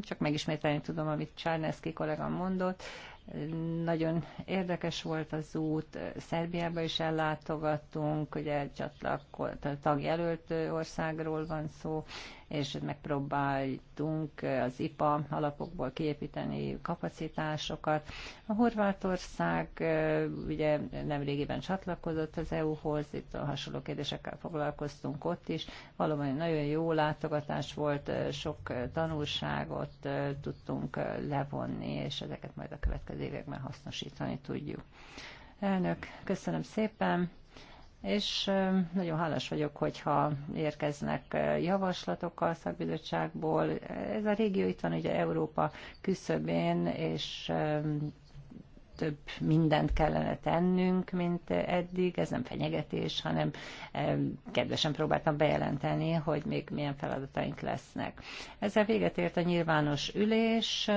Speaker 2: csak megismételni tudom, amit Csárneszki kollega mondott. Nagyon érdekes volt az út, Szerbiába is ellátogattunk, ugye csatlakozott tagjelölt országról van szó, és megpróbáltunk eh, az IPA alapokból kiépíteni kapacitásokat. A Horvátország eh, ugye nemrégiben csatlakozott az EU-hoz, itt a hasonló kérdésekkel foglalkoztunk ott is. Valóban nagyon jó látogatás volt, eh, sok tanulságot tudtunk levonni, és ezeket majd a következő években hasznosítani tudjuk. Elnök, köszönöm szépen! és nagyon hálás vagyok, hogyha érkeznek javaslatok a szakbizottságból. Ez a régió itt van ugye Európa küszöbén, és több mindent kellene tennünk, mint eddig. Ez nem fenyegetés, hanem kedvesen próbáltam bejelenteni, hogy még milyen feladataink lesznek. Ezzel véget ért a nyilvános ülés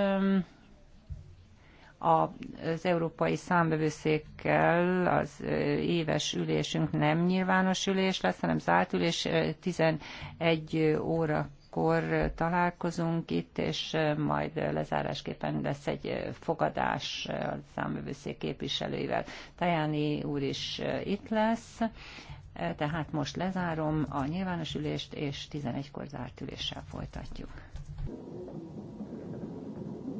Speaker 2: az Európai Számbevőszékkel az éves ülésünk nem nyilvános ülés lesz, hanem zárt ülés 11 óra akkor találkozunk itt, és majd lezárásképpen lesz egy fogadás a számövőszék képviselőivel. Tajáni úr is itt lesz, tehát most lezárom a nyilvános ülést, és 11-kor zárt üléssel folytatjuk.